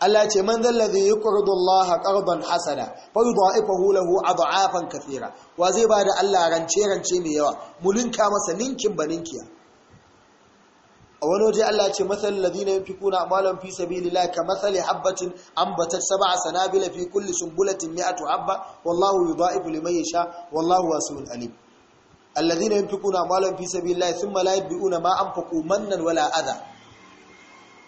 Allah ce man zallazi yuqridu Allah qardan hasana fa yudha'ifahu lahu ad'afan kathira wa zai ba bada Allah rance rance mai yawa mulinka masa ninkin ba baninkiya a wani waje Allah ce mathal ladina yunfikuna amalan fi sabilillahi kamathali habatin ambatat sab'a sanabila fi kulli sunbulatin mi'atu habba wallahu yudha'ifu liman yasha wallahu wasi'un alim alladhina yunfikuna amalan fi kuna a sabilillahi thumma la yudbi'una ma anfaqu mannan wala adha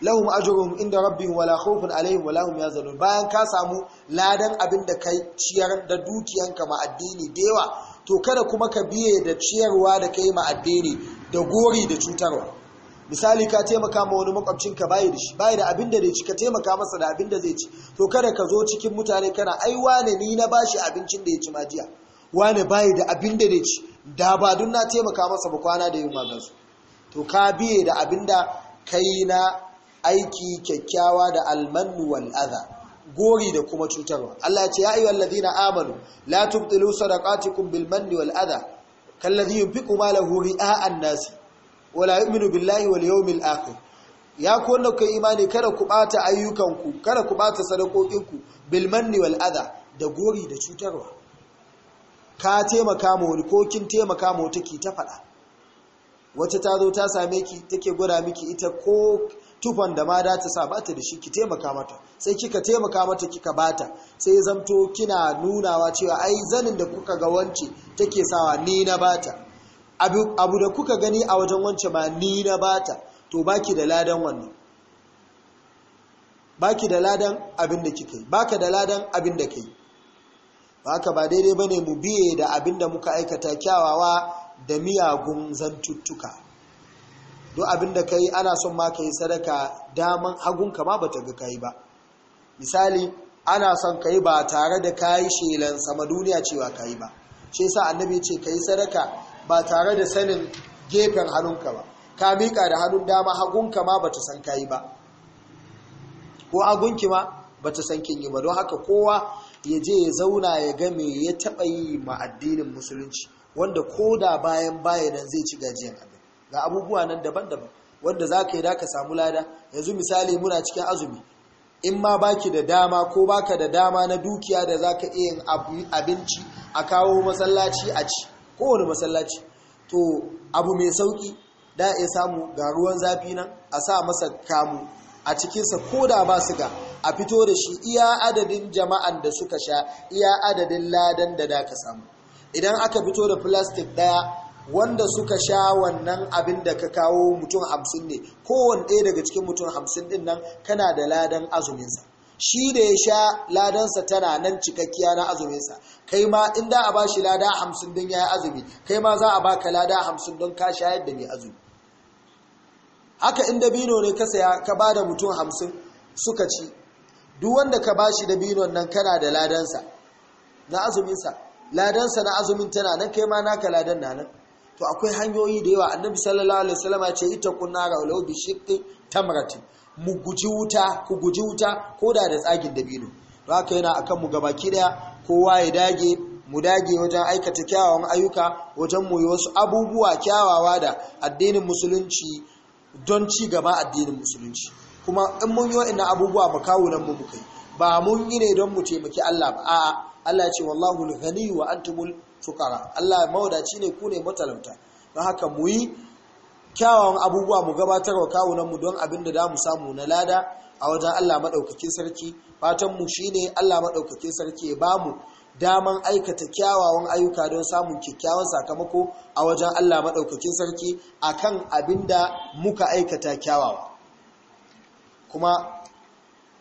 lahum ajruhum inda rabbihim wala khawfun alaihim wala hum yazalun bayan ka samu ladan abin da kai ciyar da dukiyanka ma addini da yawa to kada kuma ka biye da ciyarwa da kai ma addini da gori da cutarwa misali ka taimaka ma wani makwabcinka bayi da shi bayi da abin da zai ci ka taimaka masa da abin zai ci to kada ka zo cikin mutane kana ai wane ni na bashi abincin da ya ci ma jiya wane bayi da abin da zai ci da ba dun na taimaka masa ba kwana da yin magansu to ka biye da abinda kai na aiki kyakkyawa da almannu wal adha gori da kuma cutarwa Allah ya ce ya ayyuhal ladina amanu la tubtilu sadaqatikum bil manni wal adha ladhi yunfiqu malahu ri'a an-nas wala yu'minu billahi wal yawmil akhir ya ku wannan kai imani kada ku bata ayyukanku kada ku bata ku bil manni wal adha da gori da cutarwa ka taimaka ma wani ko kin taimaka ma wata ki ta faɗa wata ta zo ta same ki take gwada miki ita ko tufan da ma da ta sa ta da shi ki taimaka mata sai kika taimaka mata kika bata sai zamto kina nunawa cewa ai zanin da kuka ga wance take sawa ni na bata abu, abu da kuka gani a wajen wance ma ni na bata to baki da ladan wannan baki da ladan abin da kike baka da ladan abin da kai baka ba daidai bane mu biye da abin da muka aikata kyawawa da miyagun zantuttuka duk abin da ka yi ana son ma ka yi sadaka daman hagunka ma ba ta ga ka yi ba misali ana son ka yi ba tare da ka yi shelan sama duniya cewa ka yi ba shi sa annabi ce ka yi sadaka ba tare da sanin gefen hannunka ba ka miƙa da hannun dama hagunka ma ba ta san ka yi ba ko hagunki ma ba ta san kin yi ba don haka kowa ya je ya zauna ya ga me ya taɓa yi ma addinin musulunci wanda ko da bayan bayanan zai ci gajiyan abin ga abubuwa nan daban-daban wanda za ka yi da ka samu lada yanzu misali muna cikin azumi in ma baki da dama ko baka da dama na dukiya da za ka iya yin abinci a kawo masallaci a ci kowane masallaci to abu mai sauki da ya samu ga ruwan zafi nan a sa masa kamu a cikinsa ko da ba su ga a fito da shi iya adadin jama'an da suka sha iya adadin ladan da da ka samu idan aka fito da plastic daya wanda suka sha wannan abin da ka kawo mutum hamsin ne kowane ɗaya daga cikin mutum hamsin ɗin nan kana da ladan azuminsa shi da ya sha ladansa tana nan cikakkiya na azuminsa kai ma in da a ba shi lada hamsin don ya yi azumi kai ma za a ba ka lada hamsin don ka sha da mai azumi haka in dabino ne ka saya ka ba da mutum hamsin suka ci duk wanda ka ba shi dabinon nan kana da ladansa na azuminsa ladansa na azumin tana nan kai ma naka ladan na nan to akwai hanyoyi da yawa annabi sallallahu alaihi wasallam ya ce ita kunna ga ulau bi shiqqi tamratin mu guji wuta ku guji wuta koda da tsagin dabino to haka yana akan mu gabaki daya kowa ya dage mu dage wajen aikata kyawawan ayyuka wajen mu yi wasu abubuwa kyawawa da addinin musulunci don ci gaba addinin musulunci kuma in mun yi wa'annan abubuwa mu kawo nan mu muka ba mun yi ne don mu taimaki Allah ba a'a Allah ya ce wallahu al-ghani wa antumul tukara Allah mawadaci ne ku ne matalauta don haka mu yi kyawawan abubuwa mu gabatar wa kawunan mu don abin da za samu na lada a wajen Allah maɗaukakin sarki fatanmu shi ne Allah maɗaukakin sarki ya ba daman aikata kyawawan ayyuka don samun kyakkyawan sakamako a wajen Allah maɗaukakin sarki a kan abin da muka aikata kyawawa kuma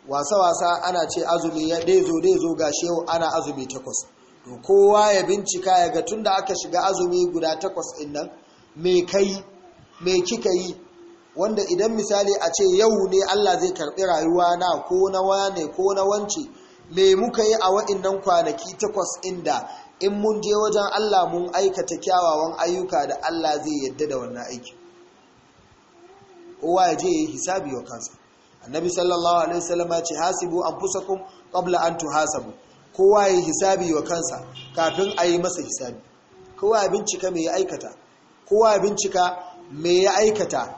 wasa-wasa ana ce azumi ya ɗezo-ɗezo ga ana azumi takwas to kowa ya bincika ya ga da aka shiga azumi guda takwas ɗin nan me kika yi wanda idan misali a ce yau ne Allah zai karɓi rayuwa na ko na wane ko na wance me muka yi a waɗannan kwanaki takwas inda in mun je wajen Allah mun aikata kyawawan ayyuka da Allah zai yadda da wannan aiki kowa ya je yi hisabi wa kansa annabi sallallahu alaihi wasallam ya ce hasibu anfusakum qabla an tuhasabu kowa ya hisabi wa kansa kafin a yi masa hisabi kowa ya bincika mai ya aikata kowa bincika mai ya aikata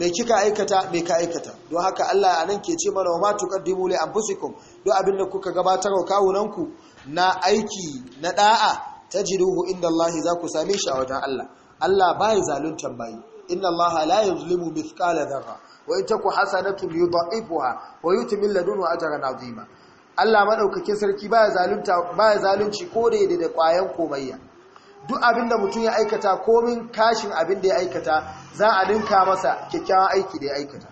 mai kika aikata mai ka aikata don haka Allah a nan ke ce mana wa matu kaddimu li anfusikum don abin da kuka gabatar wa kawunanku na aiki na da'a tajiduhu inda Allah za ku same shi a wajen Allah Allah ya zaluntan bayi inna Allah la yuzlimu mithqala dharra wa in taku hasanatun yudha'ifuha wa yutimmu ladunhu ajran azima Allah maɗaukakin sarki baya zalunci ko da yadda da ƙwayan komayya duk abin da mutum ya aikata komin kashin abin da ya aikata za a dinka masa kyakkyawan aiki da ya aikata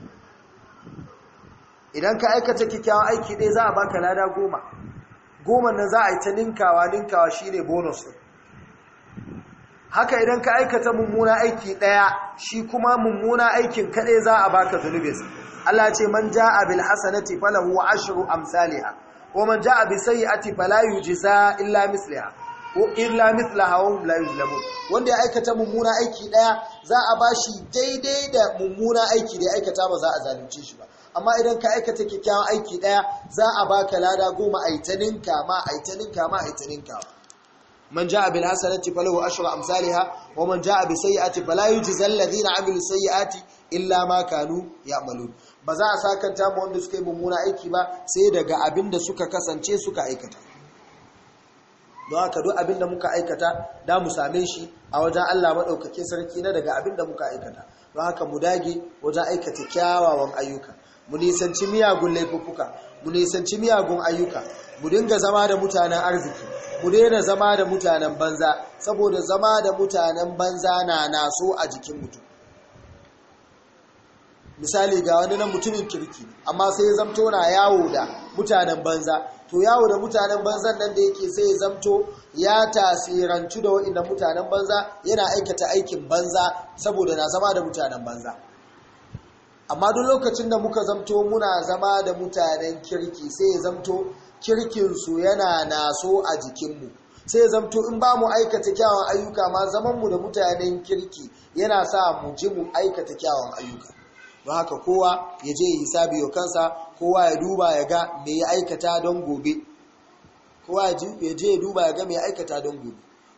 idan ka aikata kyakkyawan aiki ɗaya za a baka lada goma goma nan za a yi ta ninkawa ninkawa shi ne bonus haka idan ka aikata mummuna aiki ɗaya shi kuma mummuna aikin kaɗai za a baka zunubis. Allah ce man ja'a bil hasanati falahu ashru amsalha wa man jaa bi sayyi'ati fala yujza illa misliha ko illa mithlaha wa la yuzlamun wanda ya aikata mummuna aiki daya za a bashi daidai da mummuna aiki da ya aikata ba za a zalunce shi ba amma idan ka aikata kyakkyawan aiki daya za a baka lada goma aitanin kama aitanin kama aitanin man jaa bil hasanati falahu ashru amsalha wa man jaa bi sayyi'ati fala yujza alladhina amilu sayyi'ati illa ma kanu ya'malun ba za a sakanta ma wanda suka yi mummuna aiki ba sai daga abin da suka kasance suka aikata don haka duk abin da muka aikata da mu same shi a wajen Allah maɗaukake sarki na daga abin da muka aikata don haka mu dage wajen aikata kyawawan ayyuka mu nisanci miyagun laifuffuka mu nisanci miyagun ayyuka mu dinga zama da mutanen arziki mu daina zama da mutanen banza saboda zama da mutanen banza na naso a jikin mutum misali ga wani nan mutumin kirki amma sai ya zamto na yawo da mutanen banza to yawo da mutanen banza nan da yake sai ya zamto ya tasirantu da waɗannan mutanen banza yana aikata aikin banza saboda na zama da mutanen banza amma duk lokacin da muka zamto muna zama da mutanen kirki sai ya zamto kirkinsu yana naso a jikinmu sai ya zamto in ba mu aikata kyawun ayyuka ma zamanmu da mutanen kirki yana sa mu ji mu aikata kyawun ayyuka don haka kowa ya je ya hisabi yau kansa kowa ya duba ya ga me ya aikata don gobe kowa ya je ya duba ya ga mai ya aikata don gobe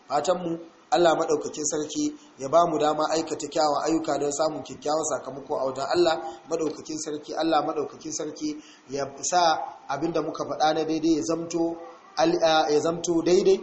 fatanmu mu Allah maɗaukakin sarki ya ba mu dama aikata kyawun ayyuka don samun kyakkyawan sakamako a wajen Allah maɗaukakin sarki Allah maɗaukakin sarki ya sa abinda muka faɗa na daidai ya zamto ya zamto daidai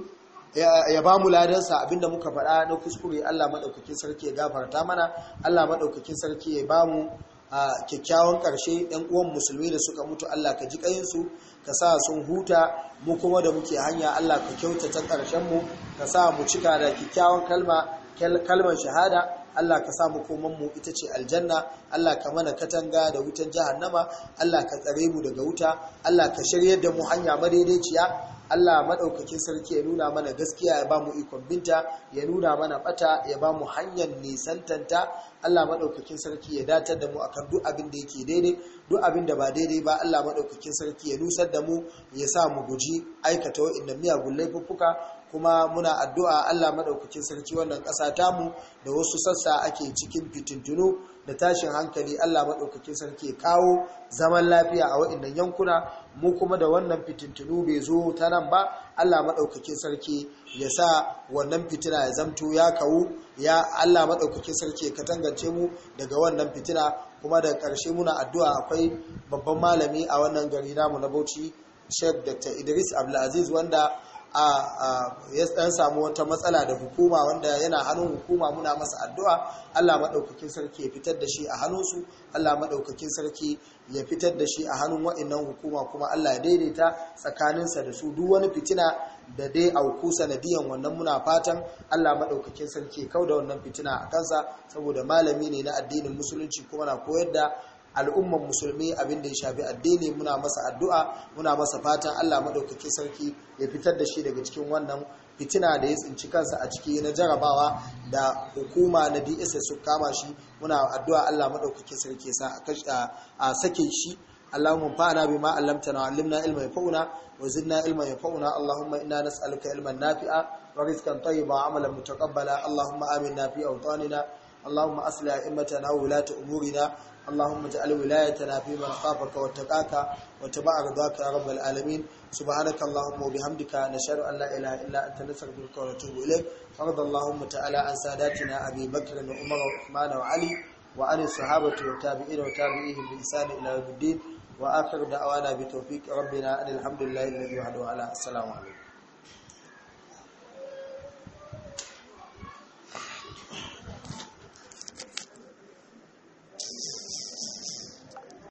ya ba mu ladarsa abinda muka faɗa na kuskure Allah maɗaukakin sarki ya gafarta mana Allah maɗaukakin sarki ya ba mu a kyakkyawan karshe ɗan uwan musulmi da suka mutu Allah ka ji ƙayinsu ka sa sun huta mu kuma da muke hanya Allah ka kyauta kyautata ƙarshen mu ka sa mu cika da kyakkyawan kalma kalmar shahada Allah ka sa mu koman mu ita ce aljanna Allah ka mana katanga da wutan nama Allah ka tsare mu daga wuta Allah ka shiryar da mu hanya madaidaiciya Allah madaukakin sarki ya nuna mana gaskiya ya ba mu ikon binta ya nuna mana ɓata ya ba mu hanyar nisantanta Allah maɗaukakin sarki ya datar da mu akan duk abin da yake daidai duk abin da ba daidai ba Allah maɗaukakin sarki ya nusar da mu ya sa mu guji aikata miya miyagun laifuffuka kuma muna addu'a Allah maɗaukakin sarki wannan ƙasa tamu da wasu sassa ake cikin fitintunu da tashin hankali Allah maɗaukakin sarki kawo zaman lafiya a waɗannan yankuna mu kuma da wannan fitintunu bai zo ta nan ba Allah maɗaukakin sarki ya sa wannan fitina ya zamto ya kawo ya Allah maɗaukakin sarki ya katangance mu daga wannan fitina kuma da ƙarshe muna addu'a akwai babban malami a wannan gari namu na Bauchi Sheikh Dr. Idris Abdulaziz wanda a ya dan samu wata matsala da hukuma wanda yana hannun hukuma muna masa addu'a Allah maɗaukakin sarki ya fitar da shi a su. Allah madaukakin sarki ya fitar da shi a hannun wa'annan hukuma kuma Allah ya daidaita tsakaninsa da su duk wani fitina da dai auku sanadiyan wannan muna fatan Allah maɗaukakin sarki ya kauda wannan fitina a kansa saboda malami ne na addinin musulunci kuma na koyar da al'ummar musulmi abin da ya shafi addini muna masa addu'a muna masa fatan Allah madaukakin sarki ya fitar da shi daga cikin wannan fitina da ya tsinci kansa a ciki na jarabawa da hukuma na DSS su kama shi muna addu'a Allah madaukakin sarki sa a sake shi اللهم انفعنا بما علمتنا وعلمنا علما ينفعنا وزدنا علما ينفعنا اللهم انا نسالك علما نافعا ورزقا طيبا وعملا متقبلا اللهم امنا في اوطاننا اللهم اصلح ائمتنا وولاة امورنا اللهم اجعل ولايتنا في من خافك واتقاك واتبع رضاك يا رب العالمين سبحانك اللهم وبحمدك نشهد ان لا اله الا انت نستغفرك ونتوب اليك وارض اللهم تعالى عن ساداتنا ابي بكر وعمر وعثمان وعلي وعن الصحابه والتابعين وتابعيهم بإحسان الى يوم الدين واخر دعوانا بتوفيق ربنا ان الحمد لله الذي وحده على السلام عليكم